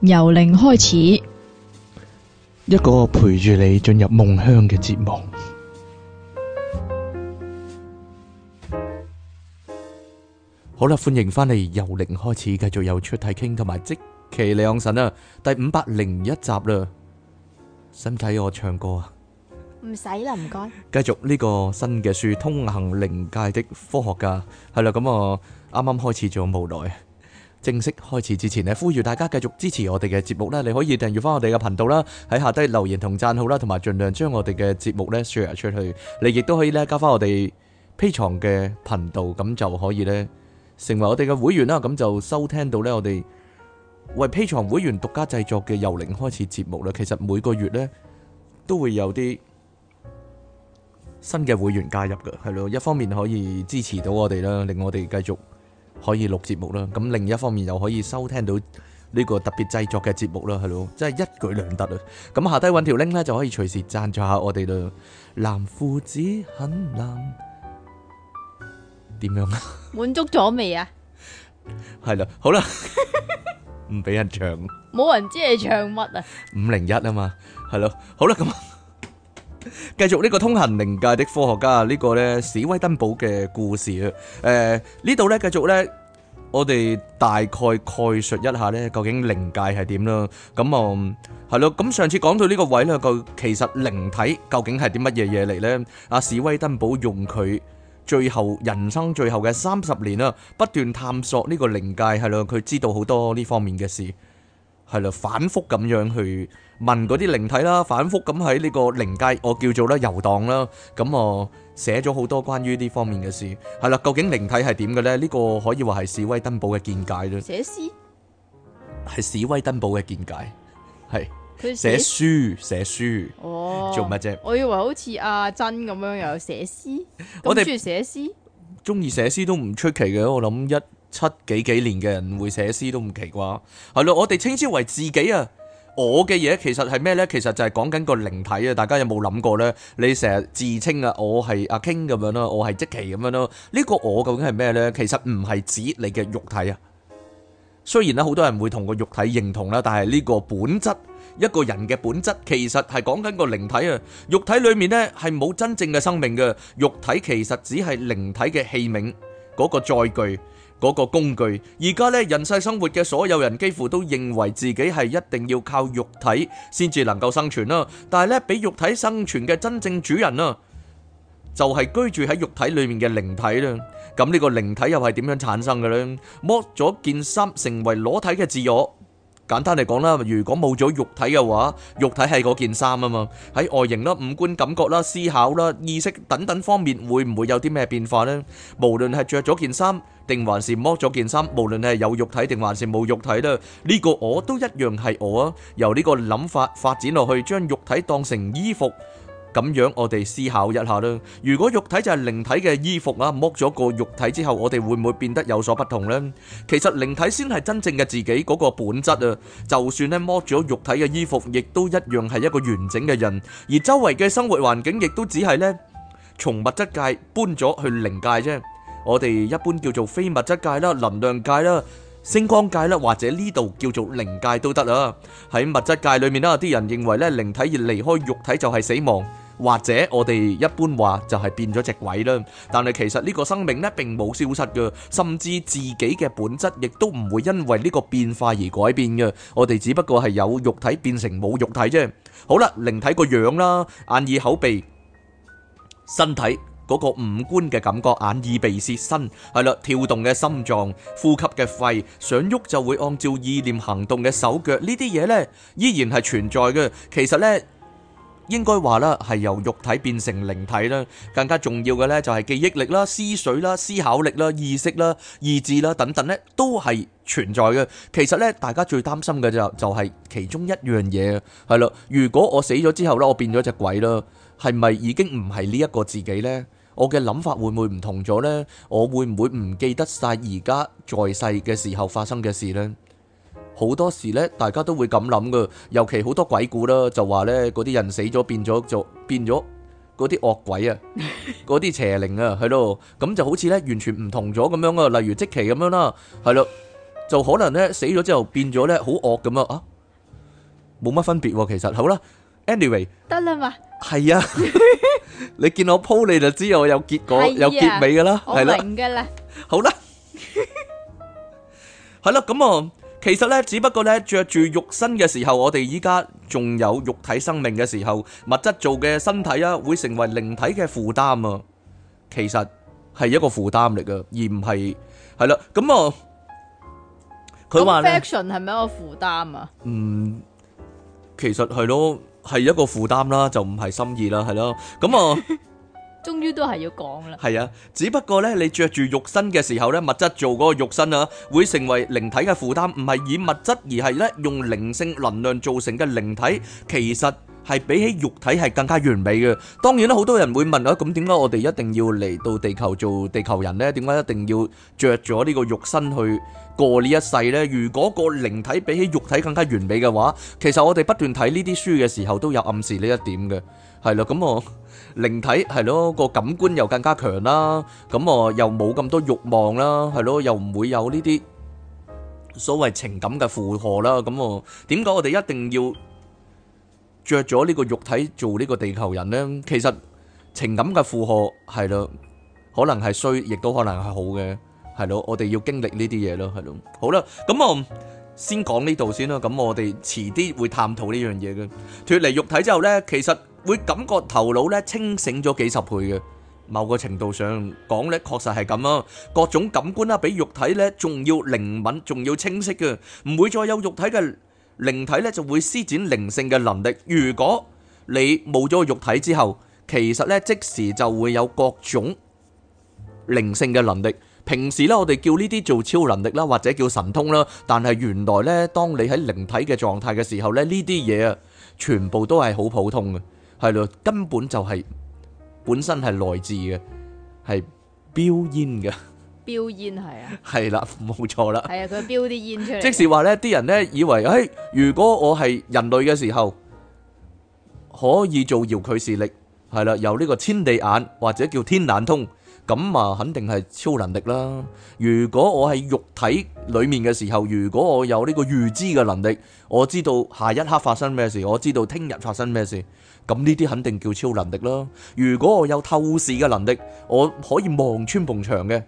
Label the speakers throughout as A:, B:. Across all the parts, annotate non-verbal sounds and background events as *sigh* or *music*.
A: 由零開始，
B: 一個陪住你進入夢鄉嘅節目。好啦，歡迎翻嚟由零開始，繼續由出體傾同埋即其良辰啊！第五百零一集啦，使唔使我唱歌啊？
A: 唔使啦，唔該。
B: 繼續呢個新嘅書《通行靈界》的科學家係啦，咁我，啱啱開始仲冇耐。正式開始之前咧，呼籲大家繼續支持我哋嘅節目咧，你可以訂閱返我哋嘅頻道啦，喺下低留言同讚好啦，同埋盡量將我哋嘅節目咧 share 出去，你亦都可以咧加返我哋 Patreon 嘅頻道，咁就可以咧成為我哋嘅會員啦，咁就收聽到咧我哋為 Patreon 會員獨家製作嘅由零開始節目啦。其實每個月咧都會有啲新嘅會員加入㗎，係咯，一方面可以支持到我哋啦，令我哋繼續。可以錄節目啦，咁另一方面又可以收聽到呢個特別製作嘅節目啦，係咯，真係一舉兩得啊！咁下低搵條 link 咧，就可以隨時贊助下我哋咯。藍褲子很難，點樣啊？
A: 滿足咗未啊？
B: 係啦，好啦，唔俾人唱，
A: 冇人知你唱乜啊？
B: 五零一啊嘛，係咯，好啦咁。繼續呢個通行靈界的科學家呢、呢個呢史威登堡嘅故事誒呢度呢，繼續呢，我哋大概概述一下呢，究竟靈界係點咯？咁啊係咯，咁上次講到呢個位呢，就其實靈體究竟係啲乜嘢嘢嚟呢？阿史威登堡用佢最後人生最後嘅三十年啊，不斷探索呢個靈界係咯，佢知道好多呢方面嘅事。係啦，反復咁樣去問嗰啲靈體啦，反復咁喺呢個靈界，我叫做咧遊蕩啦。咁我寫咗好多關於呢方面嘅事。係啦，究竟靈體係點嘅咧？呢個可以話係史威登堡嘅見解咯。寫詩係史威登堡嘅見解，係。佢寫書，寫書。哦。做乜啫？
A: 我以為好似阿珍咁樣又有寫詩，中意寫詩，
B: 中意寫詩都唔出奇嘅。我諗一。七幾幾年嘅人會寫詩都唔奇怪，係咯？我哋稱之為自己啊，我嘅嘢，其實係咩呢？其實就係講緊個靈體啊！大家有冇諗過呢？你成日自稱啊，我係阿傾咁樣咯，我係即奇咁樣咯？呢個我究竟係咩呢？其實唔係指你嘅肉體啊。雖然咧，好多人會同個肉體認同啦，但係呢個本質，一個人嘅本質，其實係講緊個靈體啊。肉體裏面呢，係冇真正嘅生命嘅，肉體其實只係靈體嘅器皿，嗰個載具。嗰個工具，而家咧，人世生活嘅所有人幾乎都認為自己係一定要靠肉體先至能夠生存啦。但係咧，俾肉體生存嘅真正主人啊，就係、是、居住喺肉體裏面嘅靈體啦。咁呢個靈體又係點樣產生嘅咧？剝咗件衫，成為裸體嘅自我。簡單嚟講啦，如果冇咗肉體嘅話，肉體係嗰件衫啊嘛，喺外形啦、五官感覺啦、思考啦、意識等等方面，會唔會有啲咩變化呢？無論係着咗件衫，定還是剝咗件衫，無論你係有肉體定還是冇肉體咧，呢個我都一樣係我啊！由呢個諗法發展落去，將肉體當成衣服。咁樣我哋思考一下啦。如果肉體就係靈體嘅衣服啦，剝咗個肉體之後，我哋會唔會變得有所不同呢？其實靈體先係真正嘅自己嗰個本質啊。就算咧剝咗肉體嘅衣服，亦都一樣係一個完整嘅人。而周圍嘅生活環境亦都只係呢從物質界搬咗去靈界啫。我哋一般叫做非物質界啦、能量界啦、星光界啦，或者呢度叫做靈界都得啦。喺物質界裏面啦，啲人認為呢靈體要離開肉體就係死亡。或者我哋一般話就係變咗隻鬼啦，但係其實呢個生命呢並冇消失㗎，甚至自己嘅本質亦都唔會因為呢個變化而改變㗎。我哋只不過係有肉體變成冇肉體啫。好啦，靈體個樣啦，眼耳口鼻身體嗰個五官嘅感覺，眼耳鼻舌身係啦，跳動嘅心臟、呼吸嘅肺、想喐就會按照意念行動嘅手腳，呢啲嘢呢依然係存在嘅。其實呢。應該話啦，係由肉體變成靈體啦，更加重要嘅呢，就係記憶力啦、思緒啦、思考力啦、意識啦、意志啦等等呢，都係存在嘅。其實呢，大家最擔心嘅就就係其中一樣嘢，係咯。如果我死咗之後呢，我變咗隻鬼啦，係咪已經唔係呢一個自己呢？我嘅諗法會唔會唔同咗呢？我會唔會唔記得晒而家在世嘅時候發生嘅事呢？好多時咧，大家都會咁諗噶，尤其好多鬼故啦，就話咧，嗰啲人死咗變咗就變咗嗰啲惡鬼啊，嗰啲邪靈啊，係咯，咁就好似咧完全唔同咗咁樣啊，例如即期咁樣啦，係咯，就可能咧死咗之後變咗咧好惡咁樣啊，冇乜分別其實，好啦，anyway，得啦嘛，係啊，你見我鋪你就知我有結果有結尾噶啦，係啦，好啦，係啦，咁啊。其實咧，只不過咧着住肉身嘅時候，我哋依家仲有肉體生命嘅時候，物質做嘅身體啊，會成為靈體嘅負擔啊。其實係一個負擔嚟㗎，而唔係係啦。咁啊，佢話咧，咁
A: fraction 係咪一個負擔啊？
B: 嗯，其實係咯，係一個負擔啦，就唔係心意啦，係咯。咁啊。
A: 終於都係要講啦。係
B: 啊，只不過呢，你着住肉身嘅時候呢，物質做嗰個肉身啊，會成為靈體嘅負擔。唔係以物質，而係呢，用靈性能量造成嘅靈體，其實係比起肉體係更加完美嘅。當然啦，好多人會問啊，咁點解我哋一定要嚟到地球做地球人呢？點解一定要着咗呢個肉身去過呢一世呢？如果個靈體比起肉體更加完美嘅話，其實我哋不斷睇呢啲書嘅時候都有暗示呢一點嘅。係啦，咁、嗯、我。嗯靈體係咯，個感官又更加強啦，咁啊又冇咁多慾望啦，係咯，又唔會有呢啲所謂情感嘅負荷啦，咁啊點解我哋一定要著咗呢個肉體做呢個地球人呢？其實情感嘅負荷係咯，可能係衰，亦都可能係好嘅，係咯，我哋要經歷呢啲嘢咯，係咯。好啦，咁啊先講呢度先啦，咁我哋遲啲會探討呢樣嘢嘅。脫離肉體之後呢，其實。會感覺頭腦咧清醒咗幾十倍嘅，某個程度上講咧，確實係咁啊。各種感官啦，比肉體咧仲要靈敏，仲要清晰嘅。唔會再有肉體嘅靈體咧就會施展靈性嘅能力。如果你冇咗個肉體之後，其實咧即時就會有各種靈性嘅能力。平時咧我哋叫呢啲做超能力啦，或者叫神通啦。但係原來咧，當你喺靈體嘅狀態嘅時候咧，呢啲嘢啊，全部都係好普通嘅。係咯，根本就係、是、本身係內置嘅，係飆煙嘅。
A: 飆煙係
B: 啊，係啦，冇錯啦。係
A: 啊，佢飆啲煙出嚟。即
B: 係話咧，啲人咧以為，誒，如果我係人類嘅時候，可以遙距視力，係啦，有呢個天地眼或者叫天眼通，咁啊，肯定係超能力啦。如果我喺肉體裏面嘅時候，如果我有呢個預知嘅能力，我知道下一刻發生咩事，我知道聽日發生咩事。咁呢啲肯定叫超能力啦。如果我有透視嘅能力，我可以望穿埲牆嘅，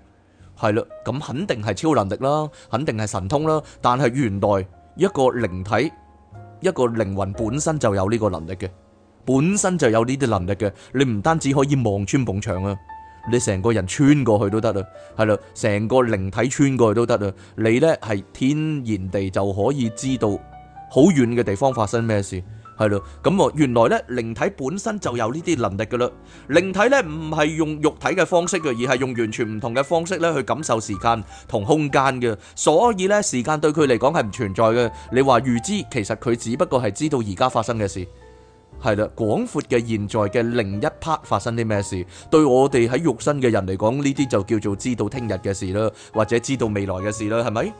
B: 係啦。咁肯定係超能力啦，肯定係神通啦。但係原來一個靈體，一個靈魂本身就有呢個能力嘅，本身就有呢啲能力嘅。你唔單止可以望穿埲牆啊，你成個人穿過去都得啦，係啦，成個靈體穿過去都得啦。你呢係天然地就可以知道好遠嘅地方發生咩事。係咯，咁我原來呢靈體本身就有呢啲能力噶啦，靈體呢唔係用肉體嘅方式嘅，而係用完全唔同嘅方式呢去感受時間同空間嘅，所以呢時間對佢嚟講係唔存在嘅。你話預知，其實佢只不過係知道而家發生嘅事，係啦，廣闊嘅現在嘅另一 part 發生啲咩事，對我哋喺肉身嘅人嚟講，呢啲就叫做知道聽日嘅事啦，或者知道未來嘅事啦，係咪？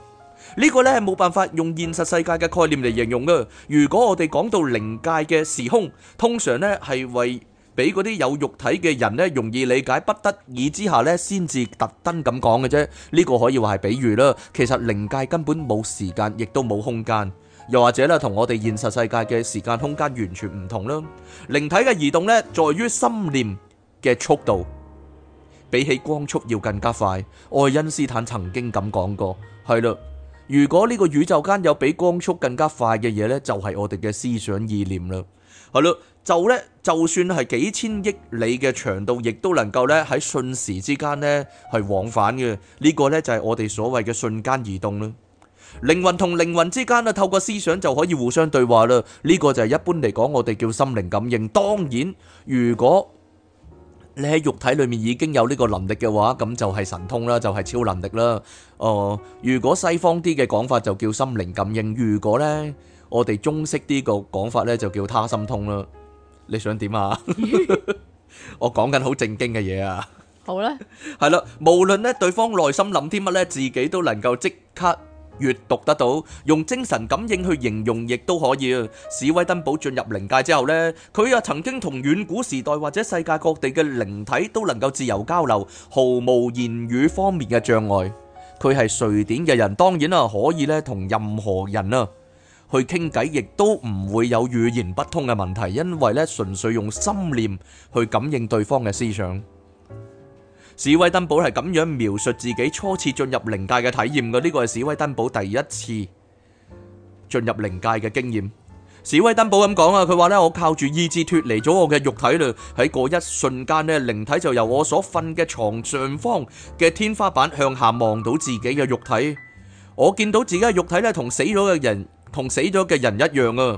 B: 呢個呢冇辦法用現實世界嘅概念嚟形容嘅。如果我哋講到靈界嘅時空，通常呢係為俾嗰啲有肉體嘅人呢容易理解，不得已之下呢先至特登咁講嘅啫。呢個可以話係比喻啦。其實靈界根本冇時間，亦都冇空間，又或者呢，同我哋現實世界嘅時間空間完全唔同啦。靈體嘅移動呢，在於心念嘅速度，比起光速要更加快。愛因斯坦曾經咁講過，係啦。如果呢個宇宙間有比光速更加快嘅嘢呢就係、是、我哋嘅思想意念啦，係咯，就咧就算係幾千億里嘅長度，亦都能夠咧喺瞬時之間呢係往返嘅，呢、這個呢就係我哋所謂嘅瞬間移動啦。靈魂同靈魂之間啊，透過思想就可以互相對話啦，呢、這個就係一般嚟講我哋叫心靈感應。當然，如果你喺肉體裏面已經有呢個能力嘅話，咁就係神通啦，就係超能力啦。哦，如果西方啲嘅講法就叫心靈感應，如果呢我哋中式啲個講法呢就叫他心通啦。你想點啊？我講緊好正經嘅嘢啊！好咧，係啦，無論呢對方內心諗啲乜呢，自己都能夠即刻。閱讀得到，用精神感應去形容亦都可以啊！史威登堡進入靈界之後呢，佢啊曾經同遠古時代或者世界各地嘅靈體都能夠自由交流，毫無言語方面嘅障礙。佢係瑞典嘅人，當然啦可以咧同任何人啊去傾偈，亦都唔會有語言不通嘅問題，因為咧純粹用心念去感應對方嘅思想。史威登堡係咁樣描述自己初次進入靈界嘅體驗嘅，呢個係史威登堡第一次進入靈界嘅經驗。史威登堡咁講啊，佢話呢，我靠住意志脫離咗我嘅肉體啦，喺嗰一瞬間呢，靈體就由我所瞓嘅床上方嘅天花板向下望到自己嘅肉體，我見到自己嘅肉體呢同死咗嘅人，同死咗嘅人一樣啊。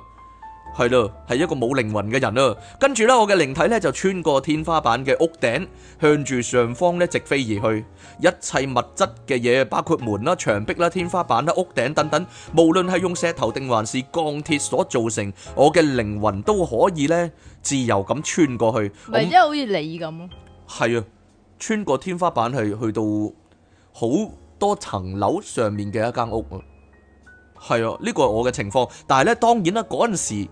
B: 係咯，係一個冇靈魂嘅人咯、啊。跟住呢，我嘅靈體呢，就穿過天花板嘅屋頂，向住上方呢直飛而去。一切物質嘅嘢，包括門啦、啊、牆壁啦、啊、天花板啦、啊、屋頂等等，無論係用石頭定還是鋼鐵所造成，我嘅靈魂都可以呢自由咁穿過去，或者
A: 好似你咁咯。
B: 係啊，穿過天花板去去到好多層樓上面嘅一間屋啊。係啊，呢、這個係我嘅情況。但係呢，當然啦，嗰陣時。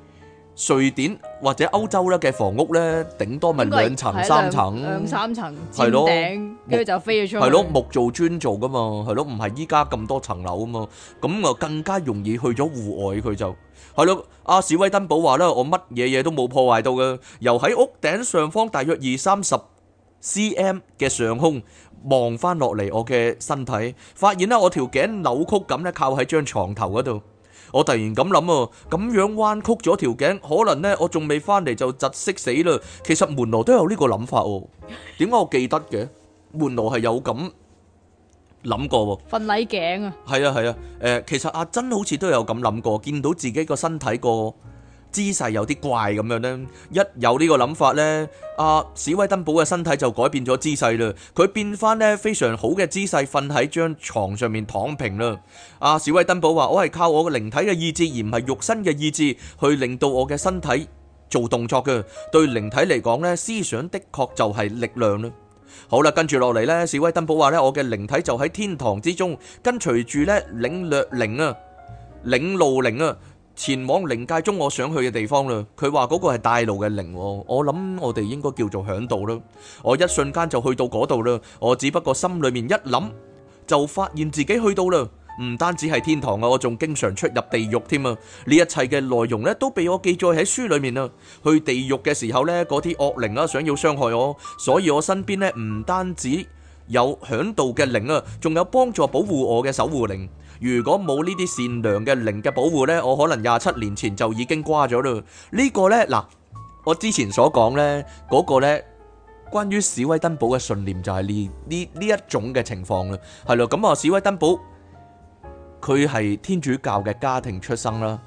B: 瑞典或者歐洲咧嘅房屋咧，頂多咪兩層、三層，兩三
A: 層尖頂，跟住就飛咗出去。係咯，
B: 木造、磚造噶嘛，係咯，唔係依家咁多層樓啊嘛。咁啊，更加容易去咗戶外，佢就係咯。阿史威登堡話咧：我乜嘢嘢都冇破壞到嘅，由喺屋頂上方大約二三十 cm 嘅上空望翻落嚟我嘅身體，發現咧我條頸扭曲咁咧靠喺張牀頭嗰度。我突然咁諗啊，咁樣彎曲咗條頸，可能咧我仲未翻嚟，就窒息死啦。其實門羅都有呢個諗法喎、啊。點解我記得嘅？門羅係有咁諗過喎。
A: 瞓捩頸啊。
B: 係啊係啊，誒、啊，其實阿珍好似都有咁諗過，見到自己個身體個。姿勢有啲怪咁樣咧，一有呢個諗法咧，阿史威登堡嘅身體就改變咗姿勢啦。佢變翻咧非常好嘅姿勢，瞓喺張牀上面躺平啦。阿史威登堡話：我係靠我嘅靈體嘅意志，而唔係肉身嘅意志去令到我嘅身體做動作嘅。對靈體嚟講咧，思想的確就係力量啦。好啦，跟住落嚟咧，史威登堡話咧：我嘅靈體就喺天堂之中，跟隨住咧領略靈啊，領路靈啊。前往靈界中我想去嘅地方啦，佢話嗰個係帶路嘅靈，我諗我哋應該叫做響度啦，我一瞬間就去到嗰度啦，我只不過心裏面一諗就發現自己去到啦，唔單止係天堂啊，我仲經常出入地獄添啊，呢一切嘅內容咧都被我記載喺書裏面啊，去地獄嘅時候咧，嗰啲惡靈啊想要傷害我，所以我身邊咧唔單止。有響度嘅靈啊，仲有幫助保護我嘅守護靈。如果冇呢啲善良嘅靈嘅保護呢，我可能廿七年前就已經瓜咗啦。呢、呢個呢，嗱，我之前所講、嗰個、呢嗰個咧，關於史威登堡嘅信念就係呢呢一種嘅情況啦，係咯。咁啊，史威登堡佢係天主教嘅家庭出生啦。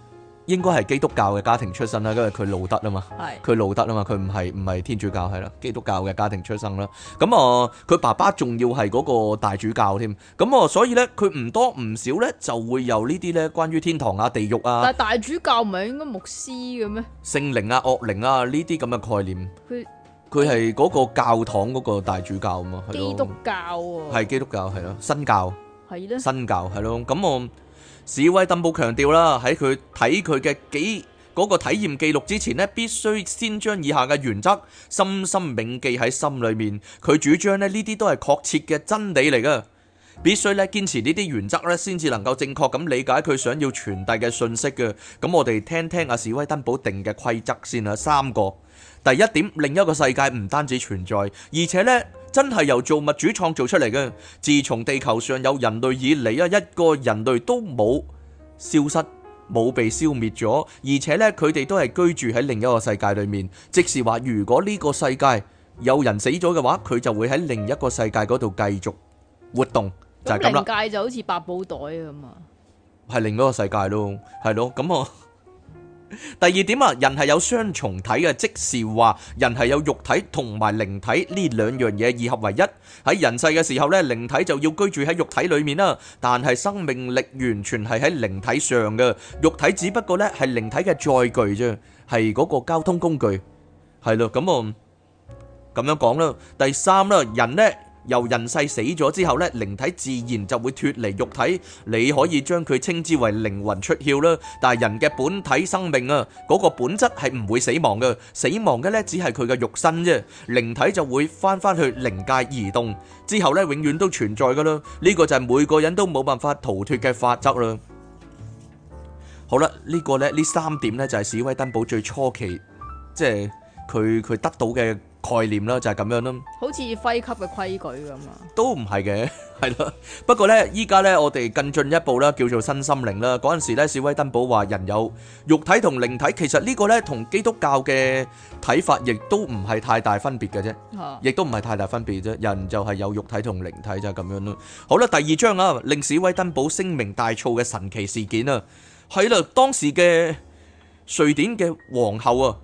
B: 應該係基督教嘅家庭出身啦，因為佢路德啊嘛，佢路德啊嘛，佢唔係唔係天主教係啦，基督教嘅家庭出身啦。咁啊，佢爸爸仲要係嗰個大主教添。咁啊，所以咧，佢唔多唔少咧，就會有呢啲咧，關於天堂啊、地獄啊。但係
A: 大主教唔係應該牧師嘅咩？
B: 聖靈啊、惡靈啊呢啲咁嘅概念。佢佢係嗰個教堂嗰個大主教啊嘛。基督
A: 教啊，係
B: 基督教係咯，新教係咯，新教係咯。咁我。史威登堡強調啦，喺佢睇佢嘅幾嗰、那個體驗記錄之前咧，必須先將以下嘅原則深深銘記喺心裏面。佢主張咧，呢啲都係確切嘅真理嚟㗎，必須咧堅持呢啲原則咧，先至能夠正確咁理解佢想要傳遞嘅信息嘅。咁我哋聽聽阿史威登堡定嘅規則先啦，三個。第一點，另一個世界唔單止存在，而且呢。真係由造物主創造出嚟嘅。自從地球上有人類以嚟啊，一個人類都冇消失，冇被消滅咗。而且呢，佢哋都係居住喺另一個世界裏面。即是話，如果呢個世界有人死咗嘅話，佢就會喺另一個世界嗰度繼續活動，就係咁啦。靈界
A: 就好似百寶袋咁嘛，
B: 係另一個世界咯，係咯，咁我。第二點啊，人係有雙重體嘅，即是話人係有肉體同埋靈體呢兩樣嘢，二合為一喺人世嘅時候呢，靈體就要居住喺肉體裏面啦，但係生命力完全係喺靈體上嘅，肉體只不過呢係靈體嘅載具啫，係嗰個交通工具，係咯，咁啊咁樣講啦，第三啦，人呢。由人世死咗之後咧，靈體自然就會脫離肉體，你可以將佢稱之為靈魂出竅啦。但係人嘅本體生命啊，嗰個本質係唔會死亡嘅，死亡嘅咧只係佢嘅肉身啫。靈體就會翻翻去靈界移動，之後咧永遠都存在噶啦。呢個就係每個人都冇辦法逃脫嘅法則啦。好啦，呢個咧呢三點咧就係史威登堡最初期，即係佢佢得到嘅概念啦，就係咁樣咯，
A: 好似揮級嘅規矩咁啊，
B: 都唔係嘅，係咯。不過咧，依家咧我哋更進一步啦，叫做身心靈啦。嗰陣時咧，史威登堡話人有肉體同靈體，其實呢個咧同基督教嘅睇法亦都唔係太大分別嘅啫，亦都唔係太大分別啫。人就係有肉體同靈體就係咁樣咯。好啦，第二章啊，令史威登堡聲名大噪嘅神奇事件啊，係啦，當時嘅瑞典嘅皇后啊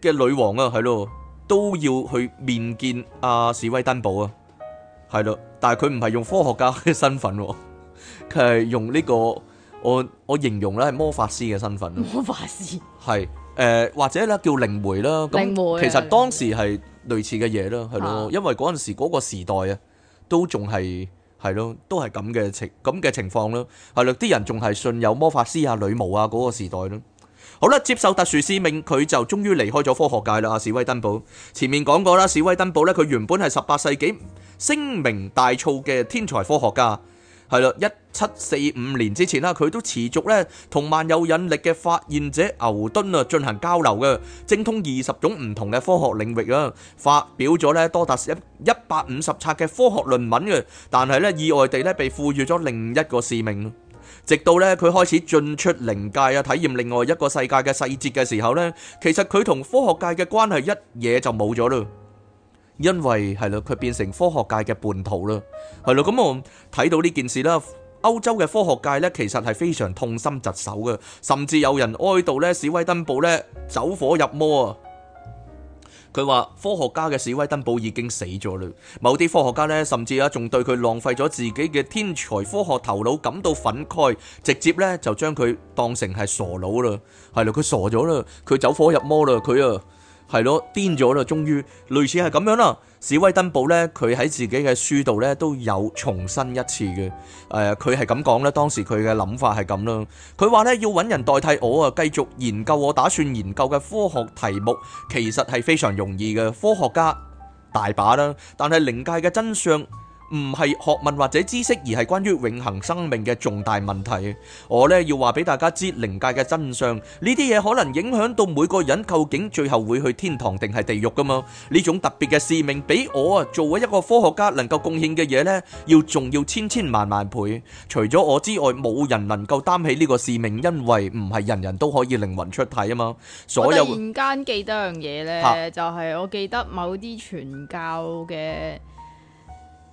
B: 嘅女王啊，係咯。都要去面見阿史威登堡啊，係咯，但係佢唔係用科學家嘅身份，佢係用呢個我我形容咧係魔法師嘅身份。魔法師？係，誒或者咧叫靈媒啦，咁其實當時係類似嘅嘢啦，係咯，因為嗰陣時嗰個時代啊，都仲係係咯，都係咁嘅情咁嘅情況咯，係咯，啲人仲係信有魔法師啊、女巫啊嗰個時代咯。好啦，接受特殊使命，佢就終於離開咗科學界啦。啊，史威登堡前面講過啦，史威登堡呢，佢原本係十八世紀聲名大噪嘅天才科學家，係啦，一七四五年之前啦，佢都持續呢同萬有引力嘅發現者牛頓啊，進行交流嘅，精通二十種唔同嘅科學領域啊，發表咗呢多達一一百五十冊嘅科學論文嘅，但係呢意外地呢被賦予咗另一個使命。直到咧佢開始進出靈界啊，體驗另外一個世界嘅細節嘅時候呢，其實佢同科學界嘅關係一嘢就冇咗咯，因為係啦，佢變成科學界嘅叛徒啦，係啦，咁我睇到呢件事啦，歐洲嘅科學界呢，其實係非常痛心疾首嘅，甚至有人哀悼呢，史威登堡呢，走火入魔啊。佢話科學家嘅史威登堡已經死咗啦，某啲科學家咧甚至啊仲對佢浪費咗自己嘅天才科學頭腦感到憤慨，直接咧就將佢當成係傻佬啦，係啦，佢傻咗啦，佢走火入魔啦，佢啊係咯癲咗啦，終於類似係咁樣啦。史威登堡咧，佢喺自己嘅書度咧都有重申一次嘅，誒、呃，佢係咁講咧，當時佢嘅諗法係咁咯。佢話咧要揾人代替我啊，繼續研究我打算研究嘅科學題目，其實係非常容易嘅，科學家大把啦。但係靈界嘅真相。唔係學問或者知識，而係關於永恆生命嘅重大問題。我呢要話俾大家知靈界嘅真相，呢啲嘢可能影響到每個人究竟最後會去天堂定係地獄噶嘛？呢種特別嘅使命，比我啊作為一個科學家能夠貢獻嘅嘢呢，要重要千千萬萬倍。除咗我之外，冇人能夠擔起呢個使命，因為唔係人人都可以靈魂出體啊嘛。所有我突然
A: 間記得樣嘢呢，就係我記得某啲傳教嘅。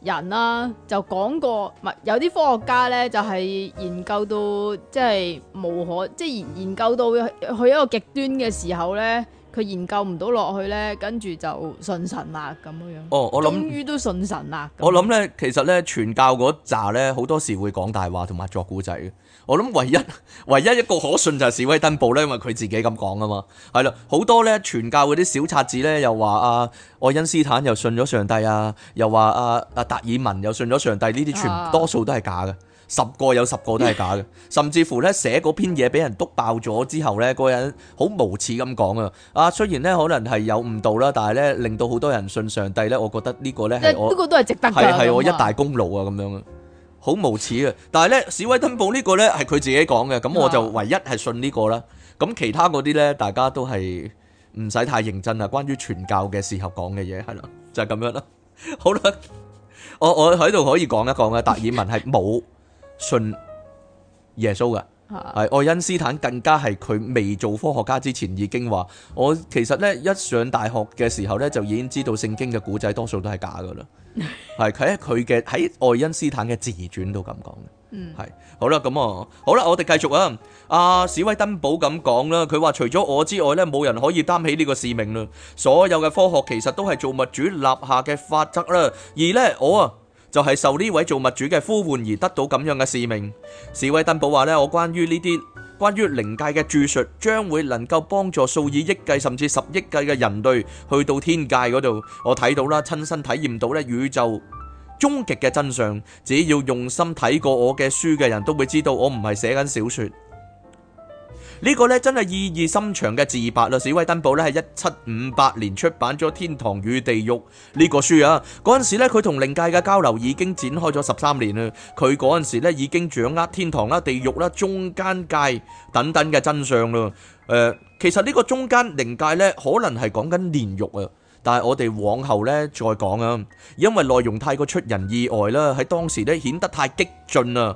A: 人啦、啊，就講過，唔係有啲科學家咧，就係、是、研究到即係無可，即係研研究到去，去一個極端嘅時候咧。佢研究唔到落去咧，跟住就信神啦咁
B: 樣樣。哦，我諗終於
A: 都信神啦。我
B: 諗咧，其實咧，傳教嗰扎咧，好多時會講大話同埋作古仔嘅。我諗唯一唯一一個可信就係史威登堡咧，因為佢自己咁講啊嘛。係啦，好多咧傳教嗰啲小冊子咧，又話阿、啊、愛因斯坦又信咗上帝啊，又話阿阿達爾文又信咗上帝，呢啲全多數都係假嘅。啊十個有十個都係假嘅，甚至乎咧寫嗰篇嘢俾人篤爆咗之後咧，個人好無恥咁講啊！啊，雖然咧可能係有誤導啦，但係咧令到好多人信上帝咧，我覺得呢個咧係我呢個都係值得㗎，係係我一大功勞啊！咁樣，好無恥啊！但係咧，史威登堡呢個咧係佢自己講嘅，咁我就唯一係信呢個啦。咁其他嗰啲咧，大家都係唔使太認真啊。關於傳教嘅時候講嘅嘢，係啦，就係咁樣啦。好啦，我我喺度可以講一講啊，達爾文係冇。信耶穌噶，係愛因斯坦更加係佢未做科學家之前已經話，我其實呢，一上大學嘅時候呢，就已經知道聖經嘅古仔多數都係假噶啦，係佢喺佢嘅喺愛因斯坦嘅自傳都咁講嘅，係、嗯、好啦，咁啊，好啦，我哋繼續啊，阿史威登堡咁講啦，佢話除咗我之外呢，冇人可以擔起呢個使命啦，所有嘅科學其實都係造物主立下嘅法則啦，而呢，我啊。就係受呢位造物主嘅呼喚而得到咁樣嘅使命。史威登堡話，呢我關於呢啲關於靈界嘅著述，將會能夠幫助數以億計甚至十億計嘅人類去到天界嗰度。我睇到啦，親身體驗到咧宇宙終極嘅真相。只要用心睇過我嘅書嘅人都會知道，我唔係寫緊小說。個呢個咧真係意義深長嘅自白啦！《史威登堡》呢，喺一七五八年出版咗《天堂與地獄》呢，這個書啊，嗰陣時咧佢同靈界嘅交流已經展開咗十三年啦。佢嗰陣時咧已經掌握天堂啦，地獄啦，中間界等等嘅真相啦。誒、呃，其實呢個中間靈界呢，可能係講緊煉獄啊，但係我哋往後呢再講啊，因為內容太過出人意外啦，喺當時呢顯得太激進啦。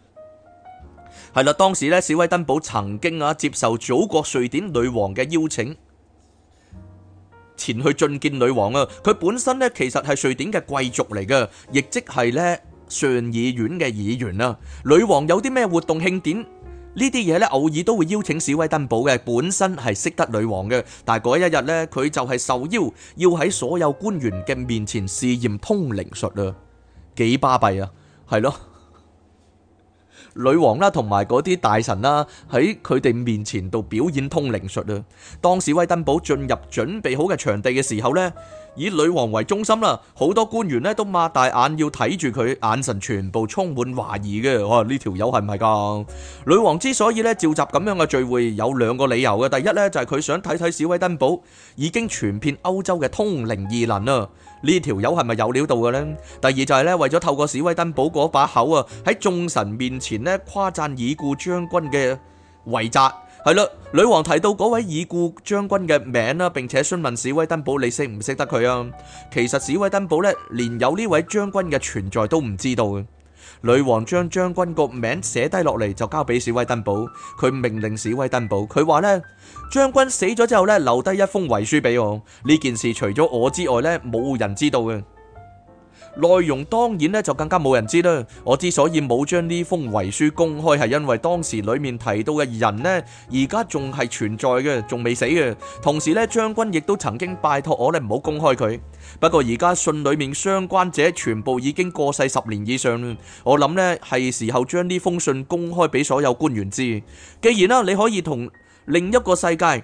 B: 係啦，當時咧，史威登堡曾經啊接受祖國瑞典女王嘅邀請，前去覲見女王啊。佢本身咧其實係瑞典嘅貴族嚟嘅，亦即係咧上議院嘅議員啦啊。女王有啲咩活動慶典呢啲嘢咧，偶爾都會邀請史威登堡嘅。本身係識得女王嘅，但係嗰一日咧，佢就係受邀要喺所有官員嘅面前試驗通靈術啊，幾巴閉啊，係咯。女王啦，同埋嗰啲大臣啦，喺佢哋面前度表演通靈術啊！當史威登堡進入準備好嘅場地嘅時候咧，以女王為中心啦，好多官員咧都擘大眼要睇住佢，眼神全部充滿懷疑嘅。我呢條友係唔係㗎？女王之所以咧召集咁樣嘅聚會，有兩個理由嘅。第一咧就係佢想睇睇史威登堡已經傳遍歐洲嘅通靈異能啊！呢條友係咪有料到嘅呢？第二就係咧，為咗透過史威登堡嗰把口啊，喺眾神面前咧誇讚已故將軍嘅遺澤，係啦，女王提到嗰位已故將軍嘅名啦，並且詢問史威登堡你識唔識得佢啊？其實史威登堡咧連有呢位將軍嘅存在都唔知道嘅。女王將將軍個名寫低落嚟，就交俾史威登堡。佢命令史威登堡，佢話呢，將軍死咗之後呢，留低一封遺書俾我。呢件事除咗我之外呢，冇人知道嘅。內容當然咧，就更加冇人知啦。我之所以冇將呢封遺書公開，係因為當時裏面提到嘅人呢，而家仲係存在嘅，仲未死嘅。同時咧，將軍亦都曾經拜託我咧，唔好公開佢。不過而家信裏面相關者全部已經過世十年以上啦。我諗呢係時候將呢封信公開俾所有官員知。既然啦，你可以同另一個世界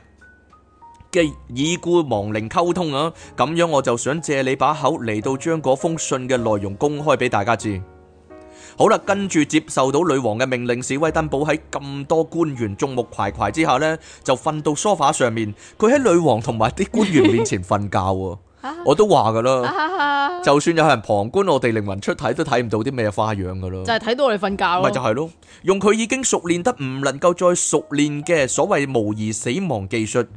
B: 嘅已故亡靈溝通啊，咁樣我就想借你把口嚟到將嗰封信嘅內容公開俾大家知。好啦，跟住接受到女王嘅命令，史威登堡喺咁多官員眾目睽睽之下呢，就瞓到梳化上面。佢喺女王同埋啲官員面前瞓覺，我都話噶啦，就算有人旁觀，我哋靈魂出體都睇唔到啲咩花樣噶咯，就係
A: 睇到我哋瞓覺咪就係
B: 咯，用佢已經熟練得唔能夠再熟練嘅所謂模擬死亡技術。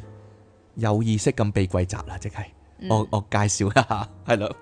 B: 有意識咁被詮釋啦，即係我，嗯，我，我介紹一下。係咯，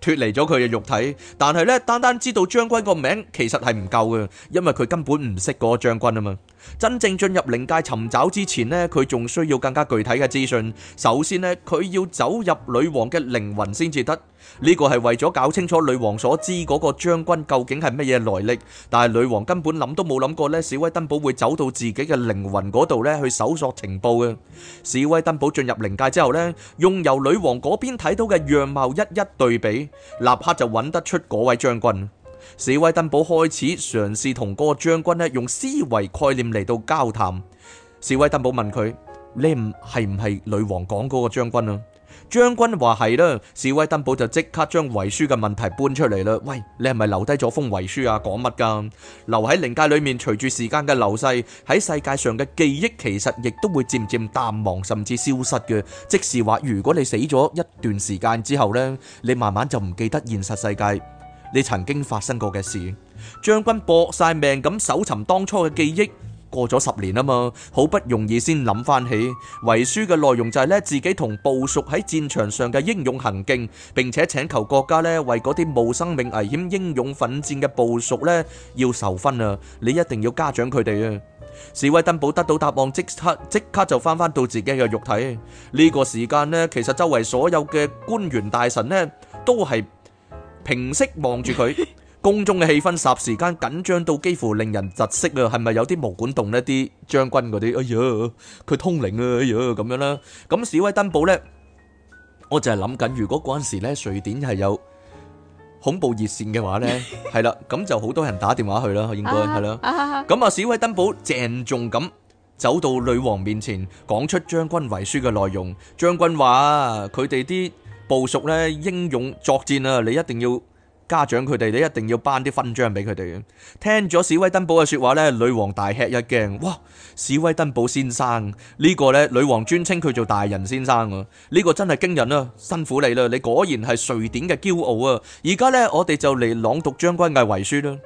B: 脫離咗佢嘅肉體，但係咧單單知道將軍個名其實係唔夠嘅，因為佢根本唔識嗰個將軍啊嘛。真正進入靈界尋找之前呢，佢仲需要更加具體嘅資訊。首先呢，佢要走入女王嘅靈魂先至得。呢個係為咗搞清楚女王所知嗰個將軍究竟係乜嘢來歷。但係女王根本諗都冇諗過呢，史威登堡會走到自己嘅靈魂嗰度呢，去搜索情報嘅。史威登堡進入靈界之後呢，用由女王嗰邊睇到嘅樣貌一一對比，立刻就揾得出嗰位將軍。史威登堡開始嘗試同嗰個將軍呢，用思維概念嚟到交談。史威登堡問佢：你唔係唔係女王講嗰個將軍啊？將軍話係啦。史威登堡就即刻將遺書嘅問題搬出嚟啦。喂，你係咪留低咗封遺書啊？講乜㗎？留喺靈界裏面，隨住時間嘅流逝，喺世界上嘅記憶其實亦都會漸漸淡忘，甚至消失嘅。即是話，如果你死咗一段時間之後呢，你慢慢就唔記得現實世界。你曾經發生過嘅事，將軍搏晒命咁搜尋當初嘅記憶，過咗十年啊嘛，好不容易先諗翻起遺書嘅內容就係呢：自己同部屬喺戰場上嘅英勇行徑，並且請求國家呢為嗰啲冒生命危險英勇奮戰嘅部屬呢要授勳啊！你一定要嘉獎佢哋啊！史威登堡得到答案，即刻即刻就翻翻到自己嘅肉體。呢個時間呢，其實周圍所有嘅官員大臣呢都係。平息望住佢，宮中嘅氣氛霎時間緊張到幾乎令人窒息啊！係咪有啲毛管動呢啲將軍嗰啲？哎呀，佢通靈啊！哎呀，咁樣啦。咁史威登堡咧，我就係諗緊，如果嗰陣時咧瑞典係有恐怖熱線嘅話咧，係啦，咁就好多人打電話去啦，應該係啦。咁啊，史威登堡鄭重咁走到女王面前，講出將軍遺書嘅內容。將軍話：佢哋啲部屬咧英勇作戰啊，你一定要嘉獎佢哋，你一定要頒啲勳章俾佢哋嘅。聽咗史威登堡嘅說話咧，女王大吃一驚，哇！史威登堡先生呢、這個咧，女王尊稱佢做大人先生，啊。呢個真係驚人啊，辛苦你啦，你果然係瑞典嘅驕傲啊！而家咧，我哋就嚟朗讀將軍嘅遺書啦。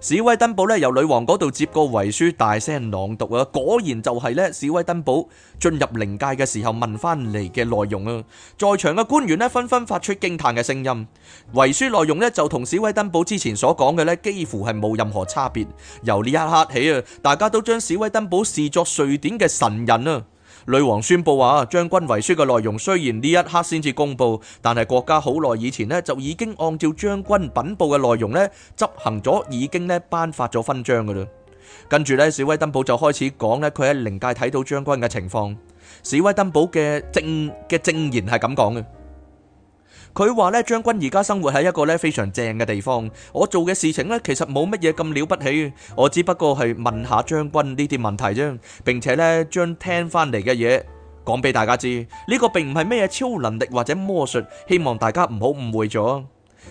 B: 史威登堡咧由女王嗰度接過遺書大聲朗讀啊，果然就係咧，史威登堡進入靈界嘅時候問翻嚟嘅內容啊！在場嘅官員呢，紛紛發出驚嘆嘅聲音，遺書內容咧就同史威登堡之前所講嘅咧幾乎係冇任何差別。由呢一刻起啊，大家都將史威登堡視作瑞典嘅神人啊！女王宣布話，將軍遺書嘅內容雖然呢一刻先至公布，但係國家好耐以前呢，就已經按照將軍稟報嘅內容咧執行咗，已經呢，頒發咗勳章噶啦。跟住呢，史威登堡就開始講呢，佢喺靈界睇到將軍嘅情況。史威登堡嘅證嘅證言係咁講嘅。佢話咧，將軍而家生活喺一個咧非常正嘅地方。我做嘅事情咧，其實冇乜嘢咁了不起。我只不過係問下將軍呢啲問題啫，並且咧將聽翻嚟嘅嘢講俾大家知。呢、這個並唔係咩超能力或者魔術，希望大家唔好誤會咗。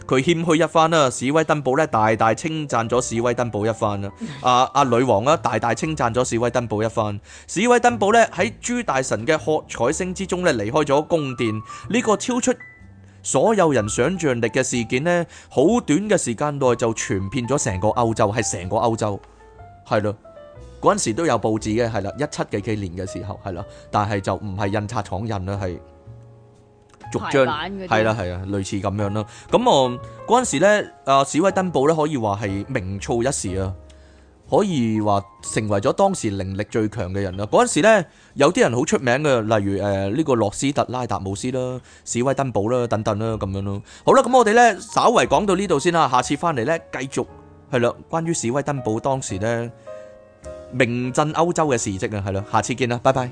B: 佢謙虛一番啦，史威登堡咧大大稱讚咗史威登堡一番啦。阿阿、 *laughs* 啊、女王啊，大大稱讚咗史威登堡一番。史威登堡咧喺諸大臣嘅喝彩聲之中咧離開咗宮殿。呢、這個超出。所有人想像力嘅事件呢，好短嘅時間內就傳遍咗成個歐洲，係成個歐洲，係咯。嗰陣時都有報紙嘅，係啦，一七幾幾年嘅時候，係啦，但係就唔係印刷廠印啦，係
A: 逐張，係啦係
B: 啊，類似咁樣啦。咁我嗰陣時咧，啊史威登堡呢，可以話係名噪一時啊。可以話成為咗當時靈力最強嘅人啦！嗰陣時咧，有啲人好出名嘅，例如誒呢、呃這個諾斯特拉達姆斯啦、史威登堡啦等等啦咁樣咯。好啦，咁我哋呢，稍為講到呢度先啦，下次翻嚟呢，繼續係啦，關於史威登堡當時呢，名震歐洲嘅事蹟啊，係啦，下次見啦，拜拜。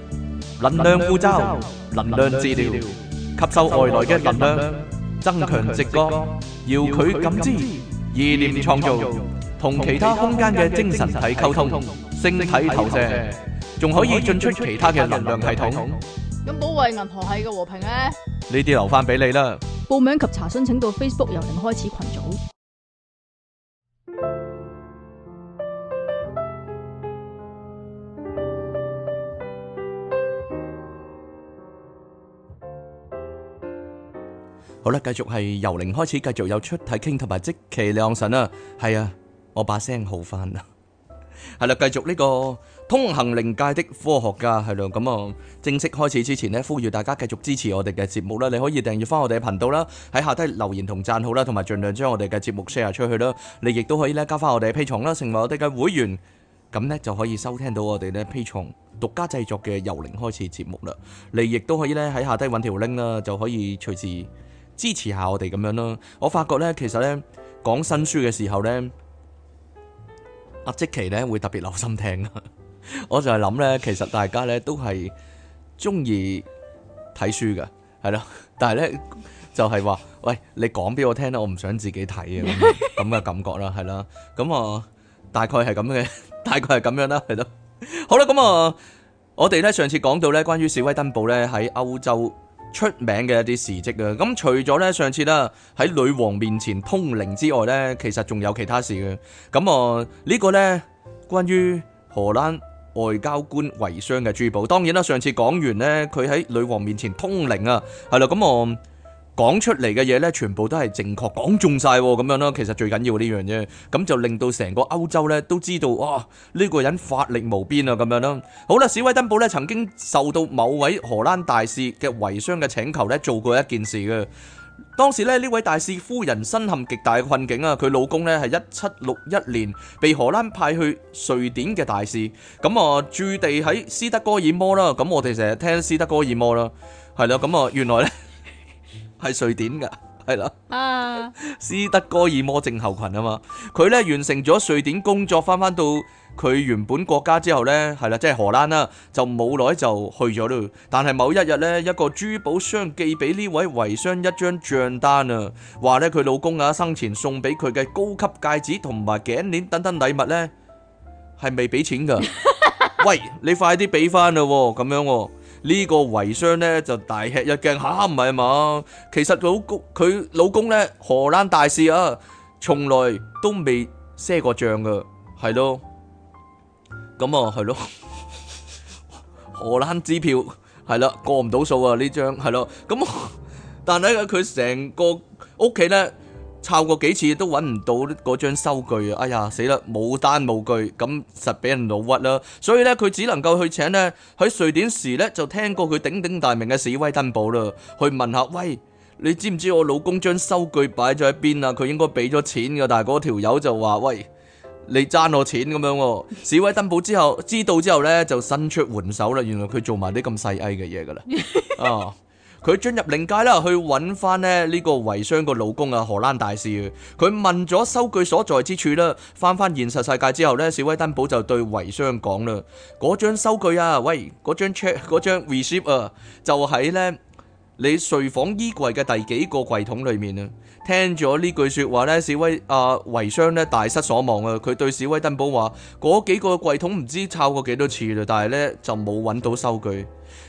B: 能量聚焦、能量治療、吸收外來嘅能量、增強、直覺、要佢感知、意念創造、同其他空間嘅精神體溝通、星體投射，仲可以進出其他嘅能量系統。
A: 咁保衛銀河系嘅和平咧？
B: 呢啲留翻俾你啦。
A: 報名及查詢請到 Facebook 由零開始群組。
B: 好啦，繼續係由零開始，繼續有出睇傾同埋即期良神啊！係啊，我把聲好翻啊。係 *laughs* 啦，繼續呢、這個通行靈界的科學家係咯。咁啊、嗯，正式開始之前呢，呼籲大家繼續支持我哋嘅節目啦。你可以訂閱翻我哋嘅頻道啦，喺下低留言同讚好啦，同埋盡量將我哋嘅節目 share 出去啦。你亦都可以咧加翻我哋嘅 Patreon 啦，成為我哋嘅會員，咁呢，就可以收聽到我哋咧 Patreon 獨家製作嘅由零開始節目啦。你亦都可以咧喺下低揾條 link 啦，就可以隨時。支持下我哋咁樣咯，我發覺咧，其實咧講新書嘅時候咧，阿即奇咧會特別留心聽啊。 *laughs* 我就係諗咧，其實大家咧都係中意睇書噶，係咯。但係咧就係、是、話，喂，你講俾我聽啦，我唔想自己睇啊咁嘅感覺啦，係啦。咁 *laughs* 啊、呃，大概係咁嘅，大概係咁樣啦，係咯。 *laughs* 好啦，咁啊、呃，我哋咧上次講到咧關於《史威登堡呢》咧喺歐洲。出名嘅一啲事跡啊，咁除咗呢上次啦喺女王面前通靈之外呢，其實仲有其他事嘅。咁啊呢個呢關於荷蘭外交官遺孀嘅珠寶，當然啦上次講完呢，佢喺女王面前通靈啊，係啦咁我。講出嚟嘅嘢咧，全部都係正確，講中曬咁樣咯。其實最緊要呢樣嘢，咁就令到成個歐洲咧都知道哇，呢個人法力無邊啊咁樣咯。好啦，史威登堡咧曾經受到某位荷蘭大使嘅遺孀嘅請求咧，做過一件事嘅。當時咧呢位大使夫人身陷極大嘅困境啊，佢老公咧係一七六一年被荷蘭派去瑞典嘅大使，咁啊駐地喺斯德哥爾摩啦。咁我哋成日聽斯德哥爾摩啦，係啦。咁啊原來咧。係瑞典噶，係啦，斯德哥爾摩症候群啊嘛，佢咧完成咗瑞典工作，翻翻到佢原本國家之後咧，係啦，即係荷蘭啦，就冇耐就去咗咯。但係某一日咧，一個珠寶商寄俾呢位遺孀一張賬單啊，話咧佢老公啊生前送俾佢嘅高級戒指同埋頸鏈等等禮物咧，係未俾錢噶？喂，你快啲俾翻啦，咁樣。呢個遺孀咧就大吃一驚嚇，唔係啊嘛？其實老公佢老公咧荷蘭大使啊，從來都未賒過賬噶，係咯，咁啊係咯，荷蘭支票係啦，過唔到數啊，呢張係咯，咁但係咧佢成個屋企咧。抄過幾次都揾唔到嗰張收據啊！哎呀，死啦，冇單冇據，咁實俾人老屈啦。所以呢，佢只能夠去請呢，喺瑞典時呢，就聽過佢鼎鼎大名嘅史威登堡啦，去問下喂，你知唔知我老公將收據擺咗喺邊啊？佢應該俾咗錢噶，但係嗰條友就話喂，你爭我錢咁樣喎。史威登堡之後知道之後呢，就伸出援手啦。原來佢做埋啲咁細藝嘅嘢噶啦。哦。 *laughs* uh. 佢進入靈界啦，去揾翻咧呢個遺孀個老公啊，荷蘭大使啊。佢問咗收據所在之處啦。翻翻現實世界之後呢，史威登堡就對遺孀講啦：嗰張收據啊，喂，嗰張 check、嗰張 receipt 啊，就喺呢你睡房衣櫃嘅第幾個櫃桶裏面啊。聽咗呢句説話，呢史威啊，遺孀呢，大失所望啊！佢對史威登堡話：嗰幾個櫃桶唔知抄過幾多次啦，但係呢就冇揾到收據。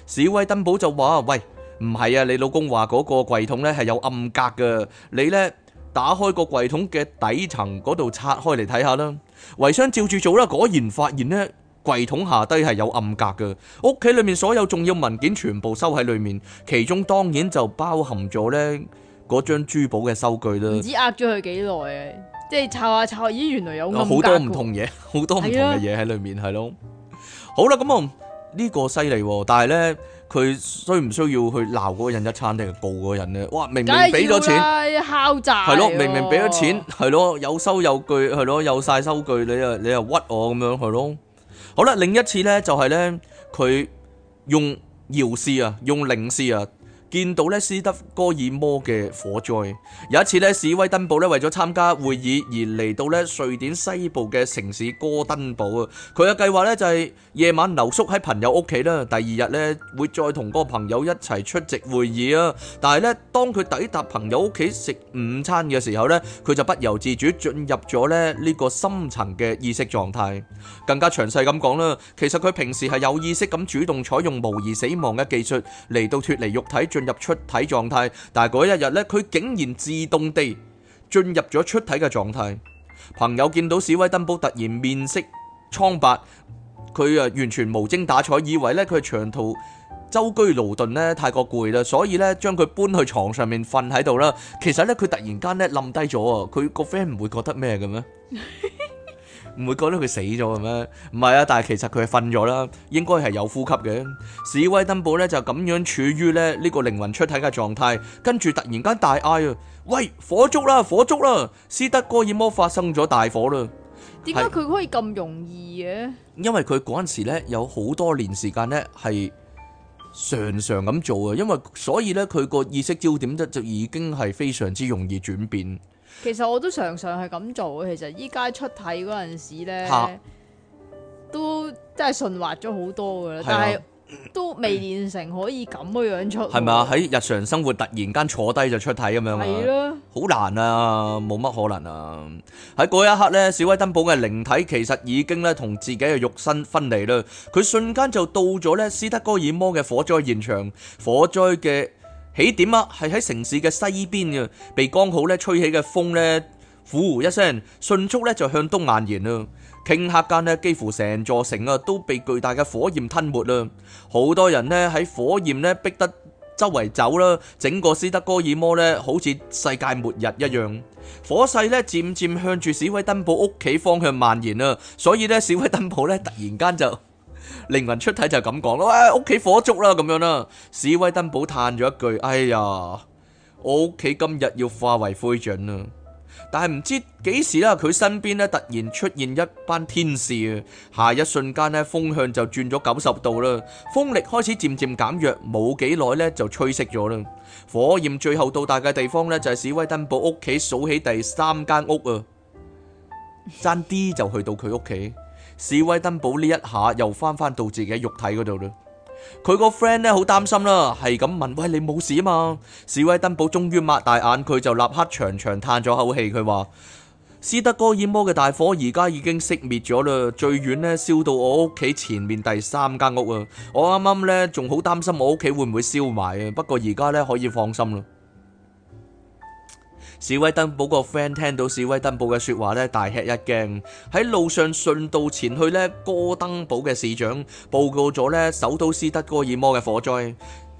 B: 史威登堡就話：喂！唔係啊，你老公話嗰個櫃桶咧係有暗格嘅，你咧打開個櫃桶嘅底層嗰度拆開嚟睇下啦。遺孀照住做啦，果然發現咧櫃桶下低係有暗格嘅，屋企裏面所有重要文件全部收喺裏面，其中當然就包含咗咧嗰張珠寶嘅收據啦。唔知，
A: 壓咗佢幾耐啊？即係查下查下，咦，原來有暗格。有好多唔同
B: 嘢，好多唔同嘅嘢喺裏面，係咯。好啦，咁啊呢個犀利，但係咧。佢需唔需要去鬧嗰個人一餐定係告嗰個人咧？哇！明明俾咗錢，
A: 敲詐係咯，明明俾咗
B: 錢係咯，有收有據係咯，有晒收據你又你又屈我咁樣係咯。好啦，另一次咧就係、是、咧，佢用遙視啊，用靈視啊。見到咧斯德哥爾摩嘅火災，有一次咧，史威登堡咧為咗參加會議而嚟到咧瑞典西部嘅城市哥登堡啊。佢嘅計劃咧就係夜晚留宿喺朋友屋企啦，第二日咧會再同嗰個朋友一齊出席會議啊。但係咧，當佢抵達朋友屋企食午餐嘅時候咧，佢就不由自主進入咗咧呢個深層嘅意識狀態。更加詳細咁講啦，其實佢平時係有意識咁主動採用模擬死亡嘅技術嚟到脫離肉體。入出體狀態，但係嗰一日咧，佢竟然自動地進入咗出體嘅狀態。朋友見到史威登堡突然面色蒼白，佢啊完全無精打采，以為咧佢長途舟車勞頓咧太過攰啦，所以咧將佢搬去床上面瞓喺度啦。其實咧佢突然間咧冧低咗啊！佢個 friend 唔會覺得咩嘅咩？唔會覺得佢死咗嘅咩？唔係啊，但係其實佢係瞓咗啦，應該係有呼吸嘅。史威登堡咧就咁樣處於咧呢個靈魂出體嘅狀態，跟住突然間大嗌！啊，喂，火燭啦，火燭啦！斯德哥爾摩發生咗大火啦！點解佢
A: 可以咁容易嘅？
B: 因為佢嗰陣時咧有好多年時間咧係常常咁做啊，因為所以咧佢個意識焦點咧就已經係非常之容易轉變。
A: 其實我都常常係咁做嘅。其實依家出體嗰陣時咧，哈都真係順滑咗好多嘅啦。啊、但係都未練成可以咁嘅樣出。係咪啊？喺
B: 日常生活突然間坐低就出體咁樣啊？係咯，好難啊，冇乜可能啊！喺嗰一刻咧，史威登堡嘅靈體其實已經咧同自己嘅肉身分離啦。佢瞬間就到咗咧斯德哥爾摩嘅火災現場，火災嘅起點啊，係喺城市嘅西邊啊，被剛好咧吹起嘅風咧，呼呼一聲，迅速咧就向東蔓延啦。頃刻間咧，幾乎成座城啊都被巨大嘅火焰吞沒啦。好多人呢，喺火焰咧逼得周圍走啦，整個斯德哥爾摩咧好似世界末日一樣。火勢咧漸漸向住史威登堡屋企方向蔓延啦，所以咧史威登堡咧突然間就。靈魂出體就咁講咯，屋企火燭啦咁樣啦。史威登堡嘆咗一句：哎呀，我屋企今日要化為灰燼啦。但係唔知幾時啦，佢身邊咧突然出現一班天使啊，下一瞬間咧風向就轉咗九十度啦，風力開始漸漸減弱，冇幾耐咧就吹熄咗啦。火焰最後到達嘅地方咧就係史威登堡屋企數起第三間屋啊，爭啲就去到佢屋企。史威登堡呢一下又翻返到自己肉體嗰度啦，佢個 friend 呢好擔心啦，係咁問：喂，你冇事啊嘛？史威登堡終於擘大眼，佢就立刻長長嘆咗口氣，佢話：斯德哥爾摩嘅大火而家已經熄滅咗啦，最遠呢燒到我屋企前面第三間屋啊！我啱啱呢仲好擔心我屋企會唔會燒埋啊，不過而家呢可以放心啦。史威登堡個 friend 聽到史威登堡嘅説話咧，大吃一驚。喺路上順道前去咧，哥登堡嘅市長報告咗咧首都斯德哥爾摩嘅火災。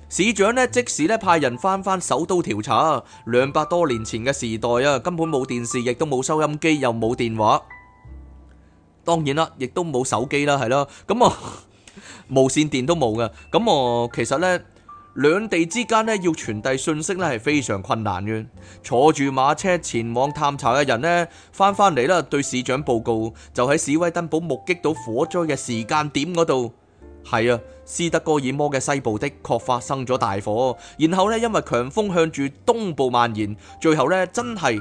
B: 市長咧即時咧派人翻返首都調查。兩百多年前嘅時代啊，根本冇電視，亦都冇收音機，又冇電話。當然啦，亦都冇手機啦，係咯。咁我無線電都冇嘅。咁我其實咧。兩地之間咧，要傳遞信息咧係非常困難嘅。坐住馬車前往探查嘅人咧翻翻嚟啦，對市長報告就喺史威登堡目擊到火災嘅時間點嗰度。係啊，斯德哥爾摩嘅西部的確發生咗大火，然後咧因為強風向住東部蔓延，最後咧真係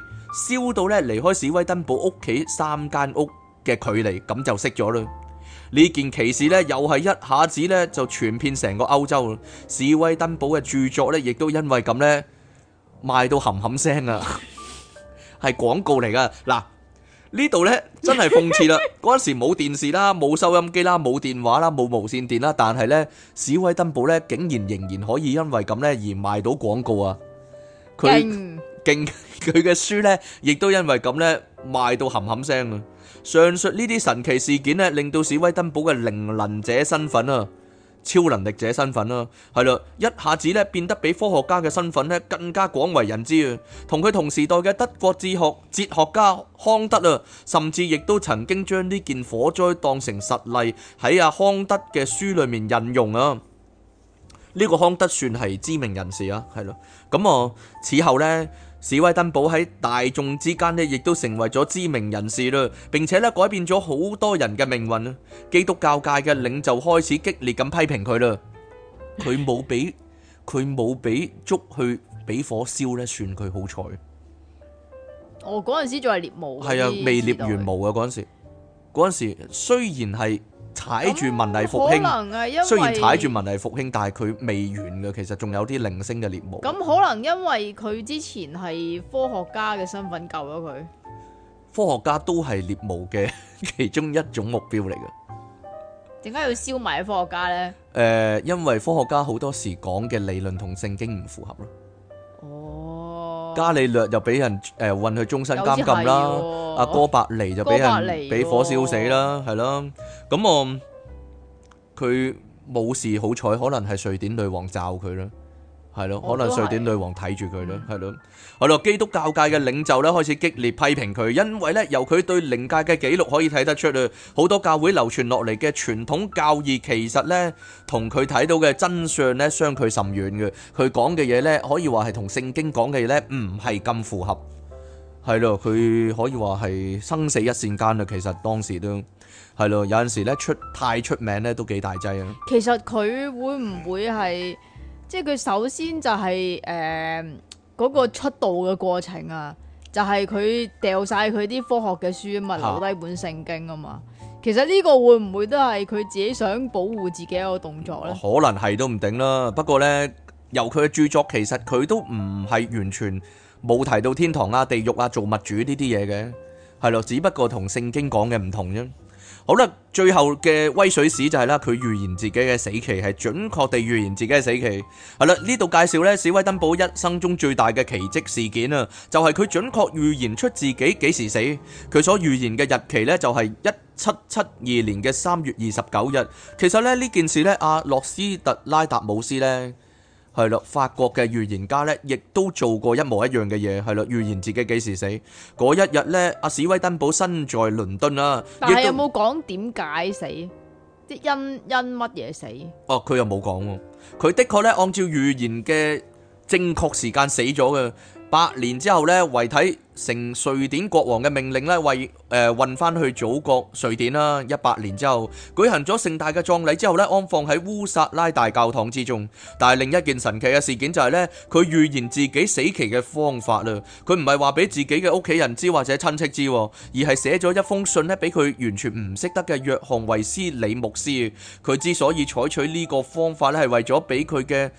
B: 燒到咧離開史威登堡屋企三間屋嘅距離，咁就熄咗啦。件奇事呢件奇事咧，又係一下子咧就傳遍成個歐洲啦。史威登堡嘅著作咧，亦都因為咁咧賣到冚冚聲啊，係 *laughs* 廣告嚟噶。嗱，呢度咧真係諷刺啦。嗰陣 *laughs* 時冇電視啦，冇收音機啦，冇電話啦，冇無線電啦，但係咧史威登堡咧竟然仍然可以因為咁咧而賣到廣告啊。勁勁，佢嘅更 *laughs* 書咧亦都因為咁咧賣到冚冚聲啊。上述呢啲神奇事件咧，令到史威登堡嘅靈能者身份啊，超能力者身份啦，係啦，一下子咧變得比科學家嘅身份咧更加廣為人知啊。同佢同時代嘅德國哲學哲學家康德啊，甚至亦都曾經將呢件火災當成實例喺阿康德嘅書裏面引用啊。呢個康德算係知名人士啊，係咯。咁、嗯、我此後呢。史威登堡喺大眾之間咧，亦都成為咗知名人士啦，並且咧改變咗好多人嘅命運啊！基督教界嘅領袖開始激烈咁批評佢啦，佢冇俾佢冇俾捉去俾火燒咧，算佢好彩。
A: 我嗰陣時仲係獵毛，係啊，未獵完
B: 毛嘅嗰陣時，嗰陣時雖然係。踩住文藝復興，
A: 雖然踩住文
B: 藝復興，但係佢未完嘅，其實仲有啲零星嘅獵巫。咁
A: 可能因為佢之前係科學家嘅身份救咗佢。
B: 科學家都係獵巫嘅其中一種目標嚟嘅。
A: 點解要燒埋啲科學家呢？
B: 誒，因為科學家好多時講嘅理論同聖經唔符合咯。伽利略就俾人誒運，呃，去終身監禁啦，阿哥白尼就俾人俾火燒死啦，係咯，咁我佢冇事好彩，可能係瑞典女王罩佢啦。係咯，可能瑞典女王睇住佢咯，係咯，係咯，基督教界嘅領袖咧開始激烈批評佢，因為咧由佢對靈界嘅記錄可以睇得出啊，好多教會流傳落嚟嘅傳統教義其實咧同佢睇到嘅真相咧相距甚遠嘅，佢講嘅嘢咧可以話係同聖經講嘅嘢咧唔係咁符合，係咯，佢可以話係生死一線間啊，其實當時都係咯，有陣時咧出太出名咧都幾大劑啊。
A: 其實佢會唔會係？即係佢首先就係誒嗰個出道嘅過程啊，就係、是、佢掉晒佢啲科學嘅書啊嘛，留低本聖經啊嘛。其實呢個會唔會都係佢自己想保護自己一個動作咧？
B: 可能係都唔定啦。不過咧，由佢嘅著作，其實佢都唔係完全冇提到天堂啊、地獄啊、造物主呢啲嘢嘅，係咯。只不過同聖經講嘅唔同啫。好啦，最後嘅威水史就係啦，佢預言自己嘅死期係準確地預言自己嘅死期。係啦，呢度介紹咧，史威登堡一生中最大嘅奇蹟事件啊，就係佢準確預言出自己幾時死。佢所預言嘅日期咧，就係一七七二年嘅三月二十九日。其實咧，呢件事咧，阿洛斯特拉達姆斯咧。係咯，法國嘅預言家咧，亦都做過一模一樣嘅嘢，係咯，預言自己幾時死嗰一日咧，阿史威登堡身在倫敦啦，但係有冇
A: 講點解死，即因因乜嘢死？
B: 哦，佢又冇講，佢的確咧按照預言嘅正確時間死咗嘅。百年之後呢，遺體承瑞典國王嘅命令呢，為誒、呃、運翻去祖國瑞典啦。一百年之後，舉行咗盛大嘅葬禮之後呢，安放喺烏薩拉大教堂之中。但係另一件神奇嘅事件就係、是、呢，佢預言自己死期嘅方法啦。佢唔係話俾自己嘅屋企人知或者親戚知，而係寫咗一封信呢，俾佢完全唔識得嘅約翰衛斯理牧師。佢之所以採取呢個方法呢，係為咗俾佢嘅。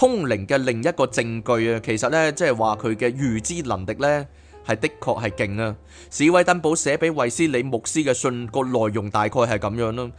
B: 通靈嘅另一個證據啊，其實呢，即係話佢嘅預知能力呢，係的確係勁啊！史威登堡寫俾衛斯理牧師嘅信，個內容大概係咁樣咯。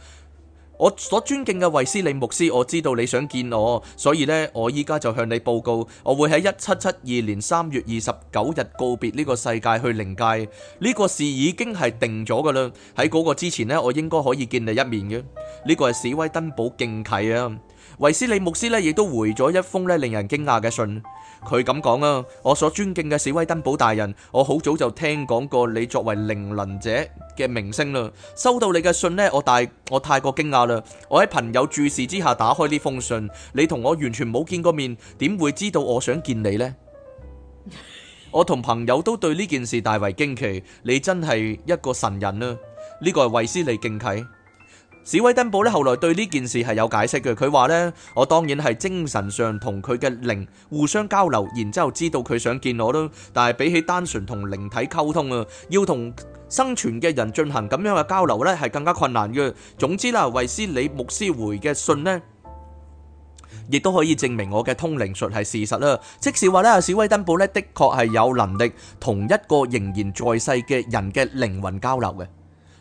B: 我所尊敬嘅衛斯理牧師，我知道你想見我，所以呢，我依家就向你報告，我會喺一七七二年三月二十九日告別呢個世界去靈界。呢個事已經係定咗噶啦。喺嗰個之前呢，我應該可以見你一面嘅。呢個係史威登堡敬啟啊。維斯利牧師呢，亦都回咗一封呢令人驚訝嘅信。佢咁講啊，我所尊敬嘅史威登堡大人,我好早就聽講過你作為靈能者嘅名聲啦。收到你嘅信呢，我大我太過驚訝啦。我喺朋友注視之下打開呢封信，你同我完全冇見過面，點會知道我想見你呢？我同朋友都對呢件事大為驚奇。你真係一個神人啊！呢個係維斯利敬啟。史威登堡咧後來對呢件事係有解釋嘅，佢話呢，我當然係精神上同佢嘅靈互相交流，然之後知道佢想見我咯，但係比起單純同靈體溝通啊，要同生存嘅人進行咁樣嘅交流呢，係更加困難嘅。總之啦，維斯里牧師回嘅信呢，亦都可以證明我嘅通靈術係事實啦，即使話呢，史威登堡呢，的確係有能力同一個仍然在世嘅人嘅靈魂交流嘅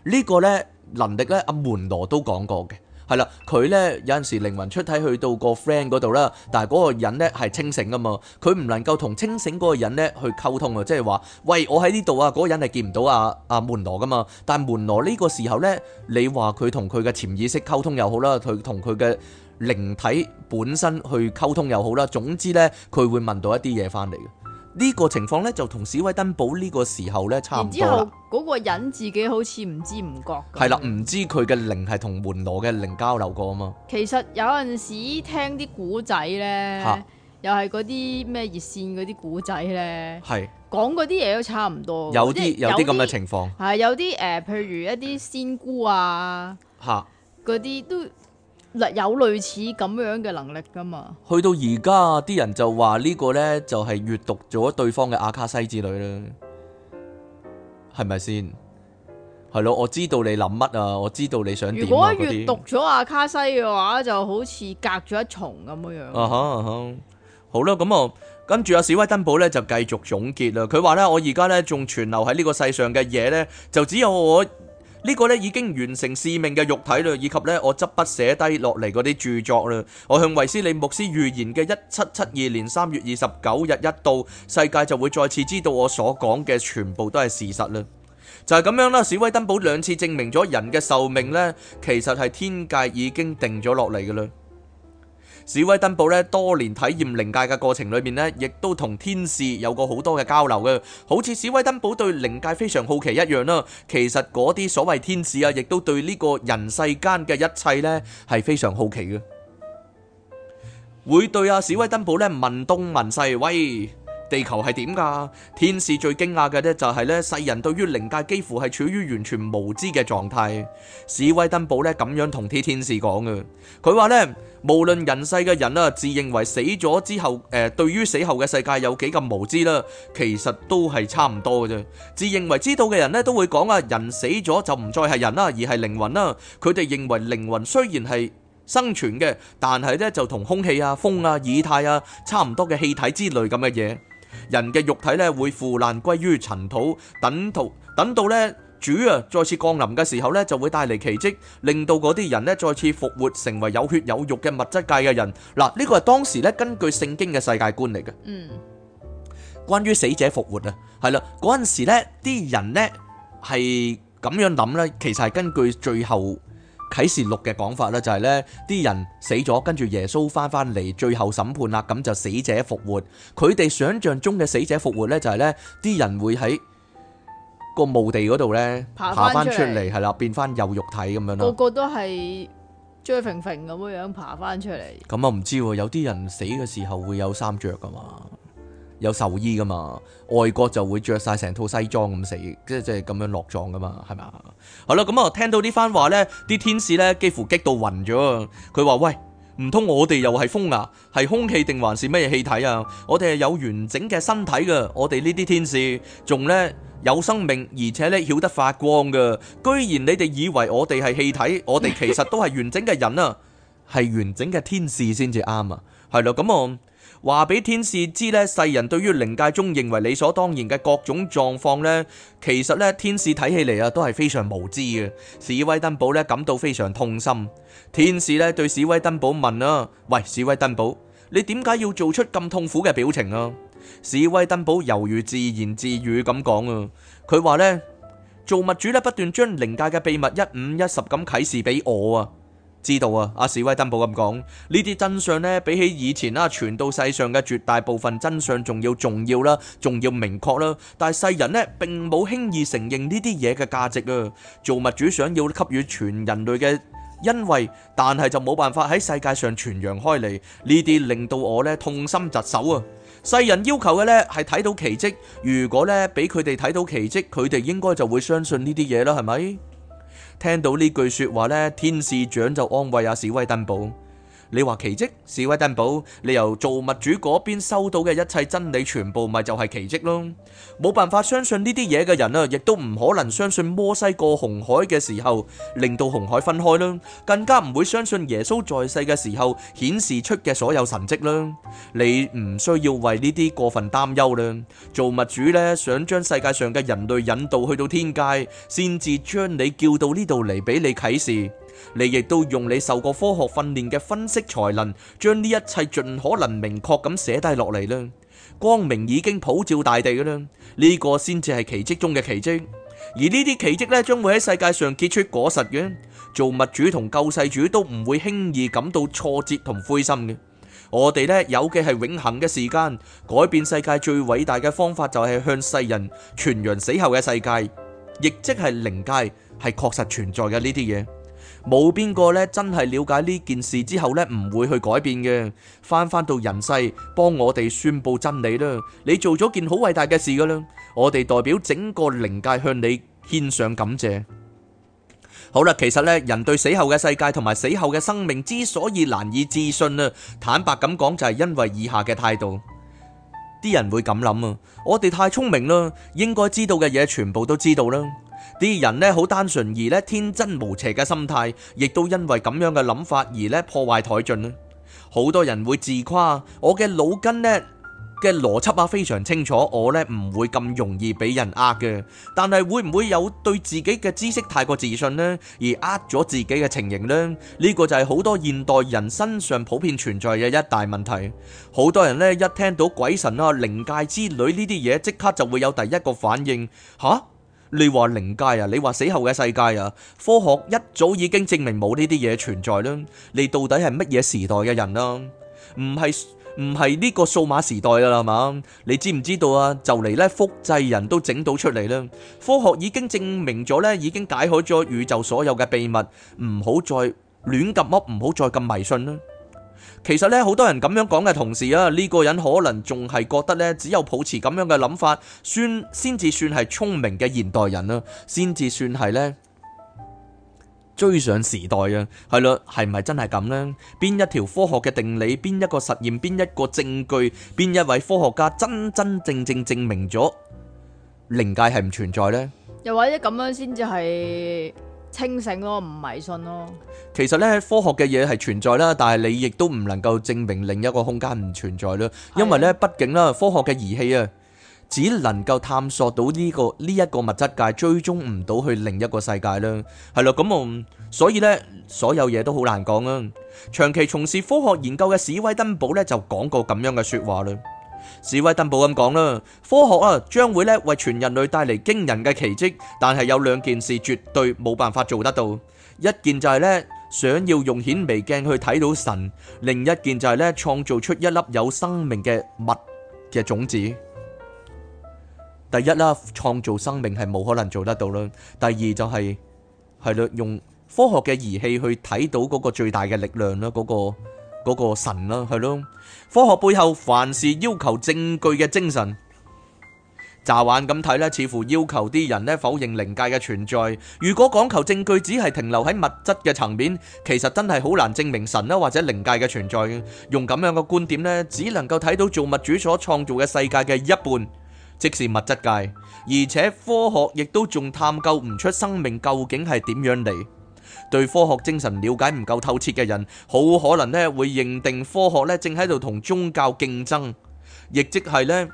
B: 呢，這個呢。能力咧、啊，阿門羅都講過嘅係啦。佢咧有陣時靈魂出體去到個 friend 嗰度啦，但係嗰個人咧係清醒噶嘛，佢唔能夠同清醒嗰個人咧去溝通、就是、啊，即係話喂，我喺呢度啊，嗰個人係見唔到阿阿門羅噶嘛。但係門羅呢個時候咧，你話佢同佢嘅潛意識溝通又好啦，佢同佢嘅靈體本身去溝通又好啦，總之咧佢會問到一啲嘢翻嚟嘅。呢個情況咧就同史威登堡呢個時候咧差唔多啦。然之後嗰、
A: 嗰個人自己好似唔知唔覺。係啦，
B: 唔知佢嘅靈係同門羅嘅靈交流過啊嘛。
A: 其實有陣時聽啲古仔咧，哈又係嗰啲咩熱線嗰啲古仔咧，講嗰啲嘢都差唔多、啊。有啲有啲咁嘅情況。係有啲誒，譬如一啲仙姑啊，嗰啲哈都。有類似咁樣嘅能力噶嘛？
B: 去到而家，啲人就話呢個呢，就係閱讀咗對方嘅阿卡西之旅啦，係咪先？係咯，我知道你諗乜啊，我知道你想點、啊、如果閱讀
A: 咗阿卡西嘅話，就好似隔咗一重咁樣樣。Uh
B: huh, uh huh. 好啦，咁啊，跟住阿史威登堡呢，就繼續總結啦。佢話呢，我而家呢，仲存留喺呢個世上嘅嘢呢，就只有我。呢個呢，已經完成使命嘅肉體啦，以及呢，我執筆寫低落嚟嗰啲著作啦，我向維斯利牧師預言嘅一七七二年三月二十九日一到，世界就會再次知道我所講嘅全部都係事實啦。就係咁樣啦，史威登堡兩次證明咗人嘅壽命呢，其實係天界已經定咗落嚟嘅啦。史威登堡咧，多年體驗靈界嘅過程裏面呢，亦都同天使有過好多嘅交流嘅，好似史威登堡對靈界非常好奇一樣啦。其實嗰啲所謂天使啊，亦都對呢個人世間嘅一切呢，係非常好奇嘅，會對啊史威登堡呢，問東問西，喂。地球係點噶？天使最驚訝嘅呢，就係呢世人對於靈界幾乎係處於完全無知嘅狀態。史威登堡呢，咁樣同啲天使講嘅，佢話呢：「無論人世嘅人啊，自認為死咗之後，誒、呃，對於死後嘅世界有幾咁無知啦，其實都係差唔多嘅啫。自認為知道嘅人呢，都會講啊，人死咗就唔再係人啦，而係靈魂啦。佢哋認為靈魂雖然係生存嘅，但係呢，就同空氣啊、風啊、以太啊差唔多嘅氣體之類咁嘅嘢。人嘅肉體咧會腐爛歸於塵土，等到等到咧主啊再次降臨嘅時候咧就會帶嚟奇蹟，令到嗰啲人咧再次復活，成為有血有肉嘅物質界嘅人。嗱，呢個係當時咧根據聖經嘅世界觀嚟嘅。嗯，關於死者復活啊，係啦，嗰陣時咧啲人呢係咁樣諗咧，其實係根據最後。啟示錄嘅講法咧，就係咧啲人死咗，跟住耶穌翻翻嚟，最後審判啦，咁就死者復活。佢哋想象中嘅死者復活咧，就係咧啲人會喺個墓地嗰度咧爬翻出嚟，係啦，變翻有肉體咁樣咯。個個
A: 都係 jopping 咁樣樣爬翻出嚟。
B: 咁我唔知，有啲人死嘅時候會有衫着噶嘛？有壽衣噶嘛？外國就會着晒成套西裝咁死，即即係咁樣落葬噶嘛？係咪啊？好啦，咁 *noise* 啊、嗯嗯、聽到呢番話呢，啲天使呢幾乎激到暈咗。佢話：喂，唔通我哋又係風啊？係空氣定還是咩氣體啊？我哋係有完整嘅身體嘅，我哋呢啲天使仲呢有生命，而且呢曉得發光嘅。居然你哋以為我哋係氣體，我哋其實都係完整嘅人啊，係完整嘅天使先至啱啊。係、嗯、咯，咁、嗯、我。嗯話俾天使知咧，世人對於靈界中認為理所當然嘅各種狀況咧，其實咧，天使睇起嚟啊，都係非常無知嘅。史威登堡咧，感到非常痛心。天使咧對史威登堡問啊：喂，史威登堡，你點解要做出咁痛苦嘅表情啊？史威登堡猶如自言自語咁講啊，佢話咧，造物主咧不斷將靈界嘅秘密一五一十咁啟示俾我啊。知道啊，阿史威登堡咁講呢啲真相呢，比起以前啊傳到世上嘅絕大部分真相，仲要重要啦，仲要明確啦。但係世人呢，並冇輕易承認呢啲嘢嘅價值啊。造物主想要給予全人類嘅恩惠，但係就冇辦法喺世界上傳揚開嚟呢啲，令到我呢痛心疾首啊！世人要求嘅呢係睇到奇迹，如果呢俾佢哋睇到奇迹，佢哋應該就會相信呢啲嘢啦，係咪？聽到呢句説話，天使長就安慰阿史威登堡。你話奇蹟，史威登堡，你由造物主嗰邊收到嘅一切真理，全部咪就係奇蹟咯？冇辦法相信呢啲嘢嘅人啊，亦都唔可能相信摩西過紅海嘅時候令到紅海分開啦，更加唔會相信耶穌在世嘅時候顯示出嘅所有神蹟啦。你唔需要為呢啲過分擔憂啦。造物主呢，想將世界上嘅人類引導去到天界，先至將你叫到呢度嚟俾你啟示。你亦都用你受過科學訓練嘅分析才能，將呢一切盡可能明確咁寫低落嚟啦。光明已經普照大地㗎喇，呢個先至係奇蹟中嘅奇蹟。而呢啲奇蹟呢，將會喺世界上結出果實嘅。造物主同救世主都唔會輕易感到挫折同灰心嘅。我哋呢，有嘅係永恆嘅時間，改變世界最偉大嘅方法就係向世人傳揚死後嘅世界，亦即係靈界係確實存在嘅呢啲嘢。冇邊個咧真係了解呢件事之後呢唔會去改變嘅，翻返到人世幫我哋宣布真理啦！你做咗件好偉大嘅事噶啦，我哋代表整個靈界向你獻上感謝。好啦，其實呢人對死後嘅世界同埋死後嘅生命之所以難以置信啦，坦白咁講就係因為以下嘅態度：啲人會咁諗啊，我哋太聰明啦，應該知道嘅嘢全部都知道啦。啲人呢，好單純而呢天真無邪嘅心態，亦都因為咁樣嘅諗法而呢破壞殆盡。呢，好多人會自誇，我嘅腦筋呢嘅邏輯啊非常清楚，我呢唔會咁容易俾人呃嘅。但係會唔會有對自己嘅知識太過自信呢？而呃咗自己嘅情形呢？呢、呢個就係好多現代人身上普遍存在嘅一大問題。好多人呢，一聽到鬼神啊、靈界之旅呢啲嘢，即刻就會有第一個反應吓。啊你話靈界啊，你話死後嘅世界啊，科學一早已經證明冇呢啲嘢存在啦。你到底係乜嘢時代嘅人啦？唔係唔係呢個數碼時代啦，係嘛？你知唔知道啊？就嚟咧複製人都整到出嚟啦。科學已經證明咗咧，已經解開咗宇宙所有嘅秘密。唔好再亂噏乜，唔好再咁迷信啦。其實咧，好多人咁樣講嘅同時啊，呢、這個人可能仲係覺得呢，只有抱持咁樣嘅諗法，算先至算係聰明嘅現代人啦、啊，先至算係呢追上時代啊，係咯，係唔係真係咁呢？邊一條科學嘅定理，邊一個實驗，邊一個證據，邊一位科學家真真正正證明咗靈界係唔存在呢？
A: 又或者咁樣先至係？清醒咯，唔迷信咯。
B: 其實咧，科學嘅嘢係存在啦，但係你亦都唔能夠證明另一個空間唔存在啦。因為咧，畢竟啦，科學嘅儀器啊，只能夠探索到呢個呢一個物質界，追蹤唔到去另一個世界啦。係啦，咁我所以咧，所有嘢都好難講啊。長期從事科學研究嘅史威登堡咧，就講過咁樣嘅說話啦。《史威登堡》咁講啦，科學啊將會咧為全人類帶嚟驚人嘅奇蹟，但係有兩件事絕對冇辦法做得到。一件就係咧想要用顯微鏡去睇到神，另一件就係咧創造出一粒有生命嘅物嘅種子。第一啦，創造生命係冇可能做得到啦。第二就係係咯，用科學嘅儀器去睇到嗰個最大嘅力量啦，嗰個。嗰個神啦，係咯，科學背後，凡事要求證據嘅精神，乍玩咁睇呢，似乎要求啲人呢否認靈界嘅存在。如果講求證據，只係停留喺物質嘅層面，其實真係好難證明神啦或者靈界嘅存在嘅。用咁樣嘅觀點呢，只能夠睇到造物主所創造嘅世界嘅一半，即是物質界，而且科學亦都仲探究唔出生命究竟係點樣嚟。對科學精神了解唔夠透徹嘅人，好可能咧會認定科學咧正喺度同宗教競爭，亦即係咧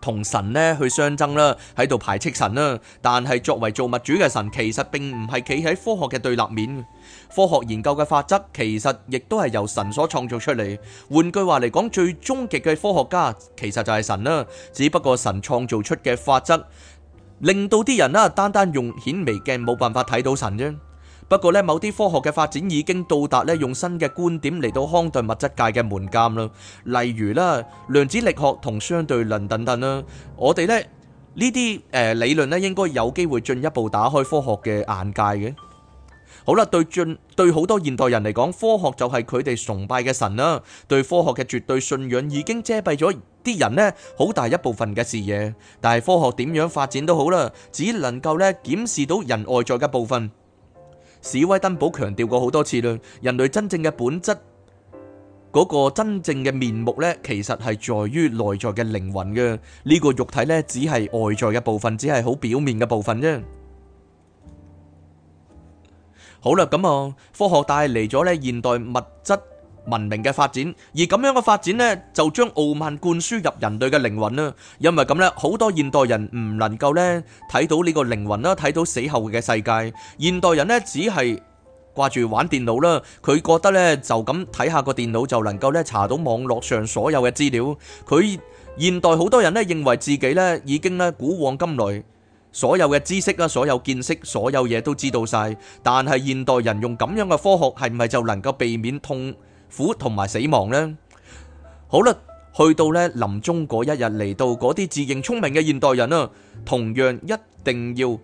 B: 同神咧去相爭啦，喺度排斥神啦。但係作為做物主嘅神，其實並唔係企喺科學嘅對立面。科學研究嘅法則其實亦都係由神所創造出嚟。換句話嚟講，最終極嘅科學家其實就係神啦。只不過神創造出嘅法則，令到啲人啦，單單用顯微鏡冇辦法睇到神啫。不過呢某啲科學嘅發展已經到達咧，用新嘅觀點嚟到康頓物質界嘅門檻啦。例如啦，量子力學同相對論等等啦。我哋咧呢啲誒、呃、理論咧，應該有機會進一步打開科學嘅眼界嘅。好啦，對進對好多現代人嚟講，科學就係佢哋崇拜嘅神啦。對科學嘅絕對信仰已經遮蔽咗啲人咧好大一部分嘅視野。但係科學點樣發展都好啦，只能夠咧檢視到人外在嘅部分。史威登堡強調過好多次啦，人類真正嘅本質，嗰個真正嘅面目呢，其實係在於內在嘅靈魂嘅，呢個肉體呢，只係外在嘅部分，只係好表面嘅部分啫。好啦，咁啊，科學帶嚟咗呢現代物質。文明嘅發展，而咁樣嘅發展咧，就將傲慢灌輸入人類嘅靈魂啦。因為咁咧，好多現代人唔能夠咧睇到呢個靈魂啦，睇到死後嘅世界。現代人咧只係掛住玩電腦啦，佢覺得咧就咁睇下個電腦就能夠咧查到網絡上所有嘅資料。佢現代好多人咧認為自己咧已經咧古往今來所有嘅知識啦、所有見識、所有嘢都知道晒。但係現代人用咁樣嘅科學，係咪就能夠避免痛？苦同埋死亡呢，好啦，去到呢臨終嗰一日，嚟到嗰啲自認聰明嘅現代人啊，同樣一定要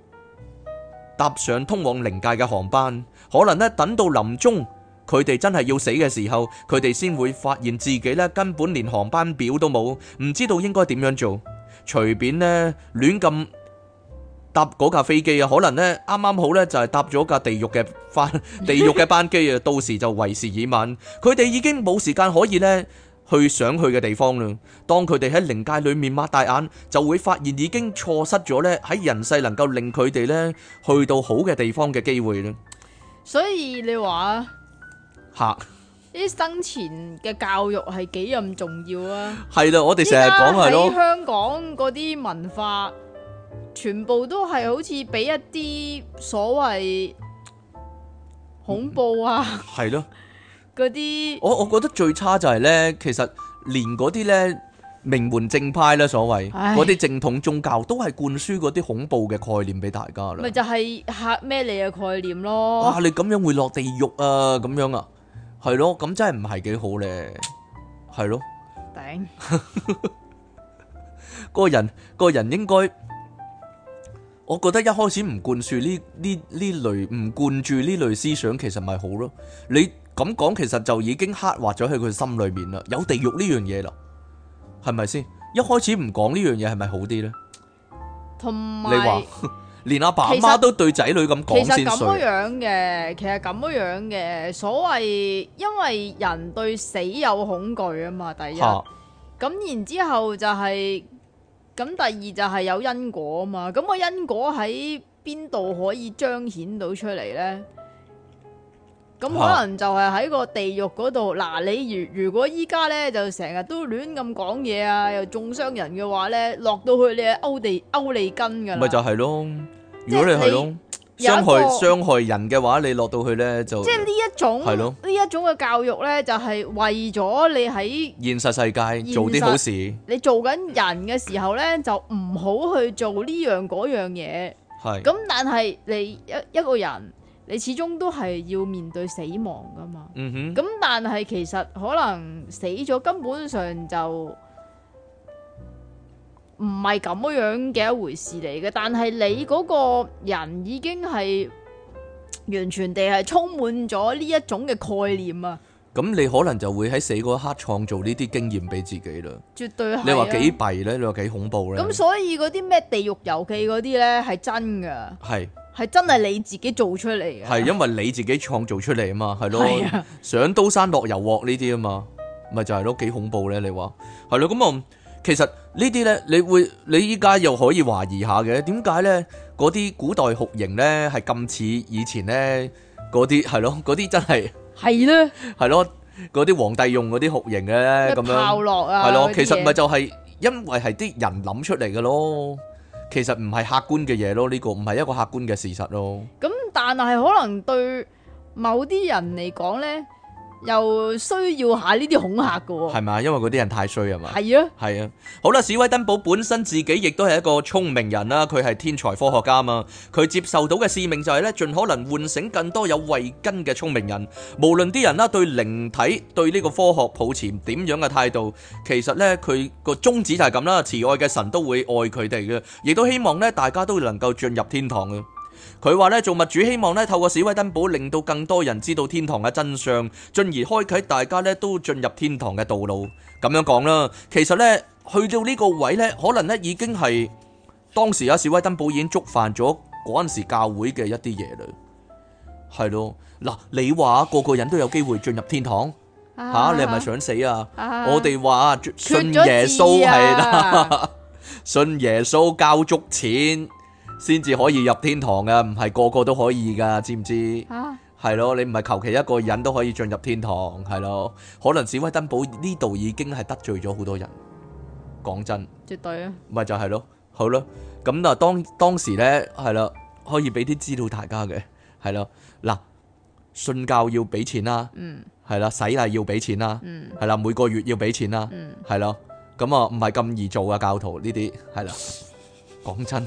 B: 搭上通往靈界嘅航班。可能呢，等到臨終，佢哋真係要死嘅時候，佢哋先會發現自己呢根本連航班表都冇，唔知道應該點樣做，隨便呢亂咁搭嗰架飛機啊，可能咧啱啱好咧就係搭咗架地獄嘅翻地獄嘅班機啊，到時就為時已晚。佢哋已經冇時間可以咧去想去嘅地方啦。當佢哋喺靈界裏面擘大眼，就會發現已經錯失咗咧喺人世能夠令佢哋咧去到好嘅地方嘅機會啦。
A: 所以你話嚇，呢啲生前嘅教育係幾咁重要
B: 啊？係啦，我哋成日講係咯，
A: 香港嗰啲文化。全部都係好似俾一啲所謂恐怖啊、嗯，係咯，嗰啲 *laughs* 那些
B: 我我覺得最差就係咧，其實連嗰啲咧名門正派啦，所謂嗰啲正統宗教都係灌輸嗰啲恐怖嘅概念俾大家啦，咪
A: 就係吓咩你嘅概念咯，啊
B: 你咁樣會落地獄啊咁樣啊，係咯，咁真係唔係幾好咧，係咯，
A: 頂 *laughs* ，
B: 個人個人應該。我覺得一開始唔灌輸呢呢呢類唔灌注呢類思想其實咪好咯，你咁講其實就已經刻劃咗喺佢心裏面啦，有地獄呢樣嘢啦，係咪先？一開始唔講呢樣嘢係咪好啲咧？
A: 同埋，你話
B: 連阿爸阿媽都對仔女咁講先衰。其實咁樣
A: 嘅，其實咁樣嘅，所謂因為人對死有恐懼啊嘛，第一。咁然之後就係。咁第二就係有因果啊嘛，咁個因果喺邊度可以彰顯到出嚟咧？咁可能就係喺個地獄嗰度，嗱，你如如果依家咧就成日都亂咁講嘢啊，又中傷人嘅話咧，落到去你係歐地歐利根噶啦，咪就
B: 係咯，如果你係咯。
A: 傷害傷
B: 害人嘅話，你落到去呢就即係呢一種係咯，呢
A: 一種嘅教育呢就係為咗你喺
B: 現實世界做啲好事。
A: 你做緊人嘅時候呢，就唔好去做呢樣嗰樣嘢。
B: 係咁，
A: 但係你一一個人，你始終都係要面對死亡噶嘛。咁、嗯哼、但係其實可能死咗根本上就。唔係咁樣嘅一回事嚟嘅，但係你嗰個人已經係完全地係充滿咗呢一種嘅概念啊！
B: 咁你可能就會喺死嗰一刻創造呢啲經驗俾自己啦。
A: 絕對係。你話幾
B: 弊咧？你話幾恐怖咧？咁所
A: 以嗰啲咩地獄遊記嗰啲咧係真噶？係係是真係你自己做出嚟嘅？係
B: 因為你自己創造出嚟啊嘛？係咯，上的刀山落油鑊呢啲啊嘛，咪就係、是、咯，幾恐怖咧？你話係咯？咁我。其實呢啲咧，你會你依家又可以懷疑下嘅，點解咧？嗰啲古代酷刑咧，係咁似以前咧嗰啲，係咯，嗰啲真係係咧，係呢咯，嗰啲皇帝用嗰啲酷刑咧，咁樣落啊，係咯。其實咪就係因為係啲人諗出嚟嘅咯，其實唔係客觀嘅嘢咯，呢個唔係一個客觀嘅事實咯。
A: 咁但係可能對某啲人嚟講咧。又需要下呢啲恐嚇嘅，係
B: 咪？因為嗰啲人太衰啊嘛。係啊，係啊。好啦，史威登堡本身自己亦都係一個聰明人啦，佢係天才科學家嘛。佢接受到嘅使命就係咧，盡可能喚醒更多有慧根嘅聰明人，無論啲人啦對靈體、對呢個科學抱持點樣嘅態度，其實咧佢個宗旨就係咁啦。慈愛嘅神都會愛佢哋嘅，亦都希望咧大家都能夠進入天堂嘅。佢話咧，造物主希望咧透過史威登堡令到更多人知道天堂嘅真相，進而開啟大家咧都進入天堂嘅道路。咁樣講啦，其實咧去到呢個位咧，可能咧已經係當時啊，史威登堡已經觸犯咗嗰陣時教會嘅一啲嘢啦。係咯，嗱你話個個人都有機會進入天堂，吓、啊啊、你係咪想死啊？啊我哋話信耶穌係啦，信耶穌交足錢，先至可以入天堂嘅，唔係個個都可以噶，知唔知？啊，係咯，你唔係求其一個人都可以進入天堂，係咯？可能史威登堡呢度已經係得罪咗好多人。講真，絕對啊！咪就係咯，好咯，咁嗱當當時呢係啦，可以俾啲資料大家嘅係咯。嗱，信教要俾錢啦，嗯，係啦，洗禮要俾錢啦，嗯，係啦，每個月要俾錢啦，嗯，係咯，咁啊唔係咁易做啊，教徒呢啲係啦。講真。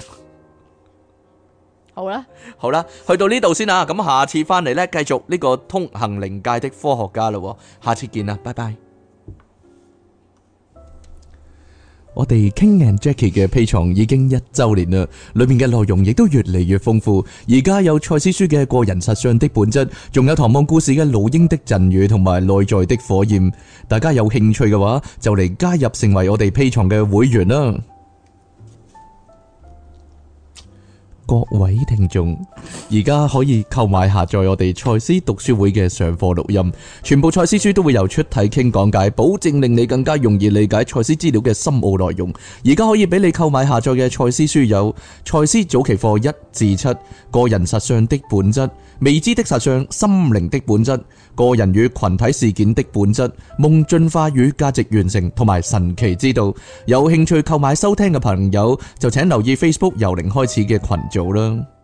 B: 好啦，好啦，去到呢度先啦。咁下次翻嚟呢，繼續呢個通行靈界的科學家咯。下次見啦，拜拜。我哋 King and Jackie 嘅披床已經一周年啦，裏面嘅內容亦都越嚟越豐富。而家有賽斯書嘅個人實相的本質，仲有唐望故事嘅老鷹的贈語同埋內在的火焰。大家有興趣嘅話，就嚟加入成為我哋披床嘅會員啦。各位聽眾，而家可以購買下載我哋賽斯讀書會嘅上課錄音，全部賽斯書都會由出體傾講解，保證令你更加容易理解賽斯資料嘅深奧內容。而家可以俾你購買下載嘅賽斯書有《賽斯早期課一至七》、《個人實相的本質》、《未知的實相》、《心靈的本質》。個人與群體事件的本質、夢進化與價值完成，同埋神奇之道。有興趣購買收聽嘅朋友，就請留意 Facebook 由零開始嘅群組啦。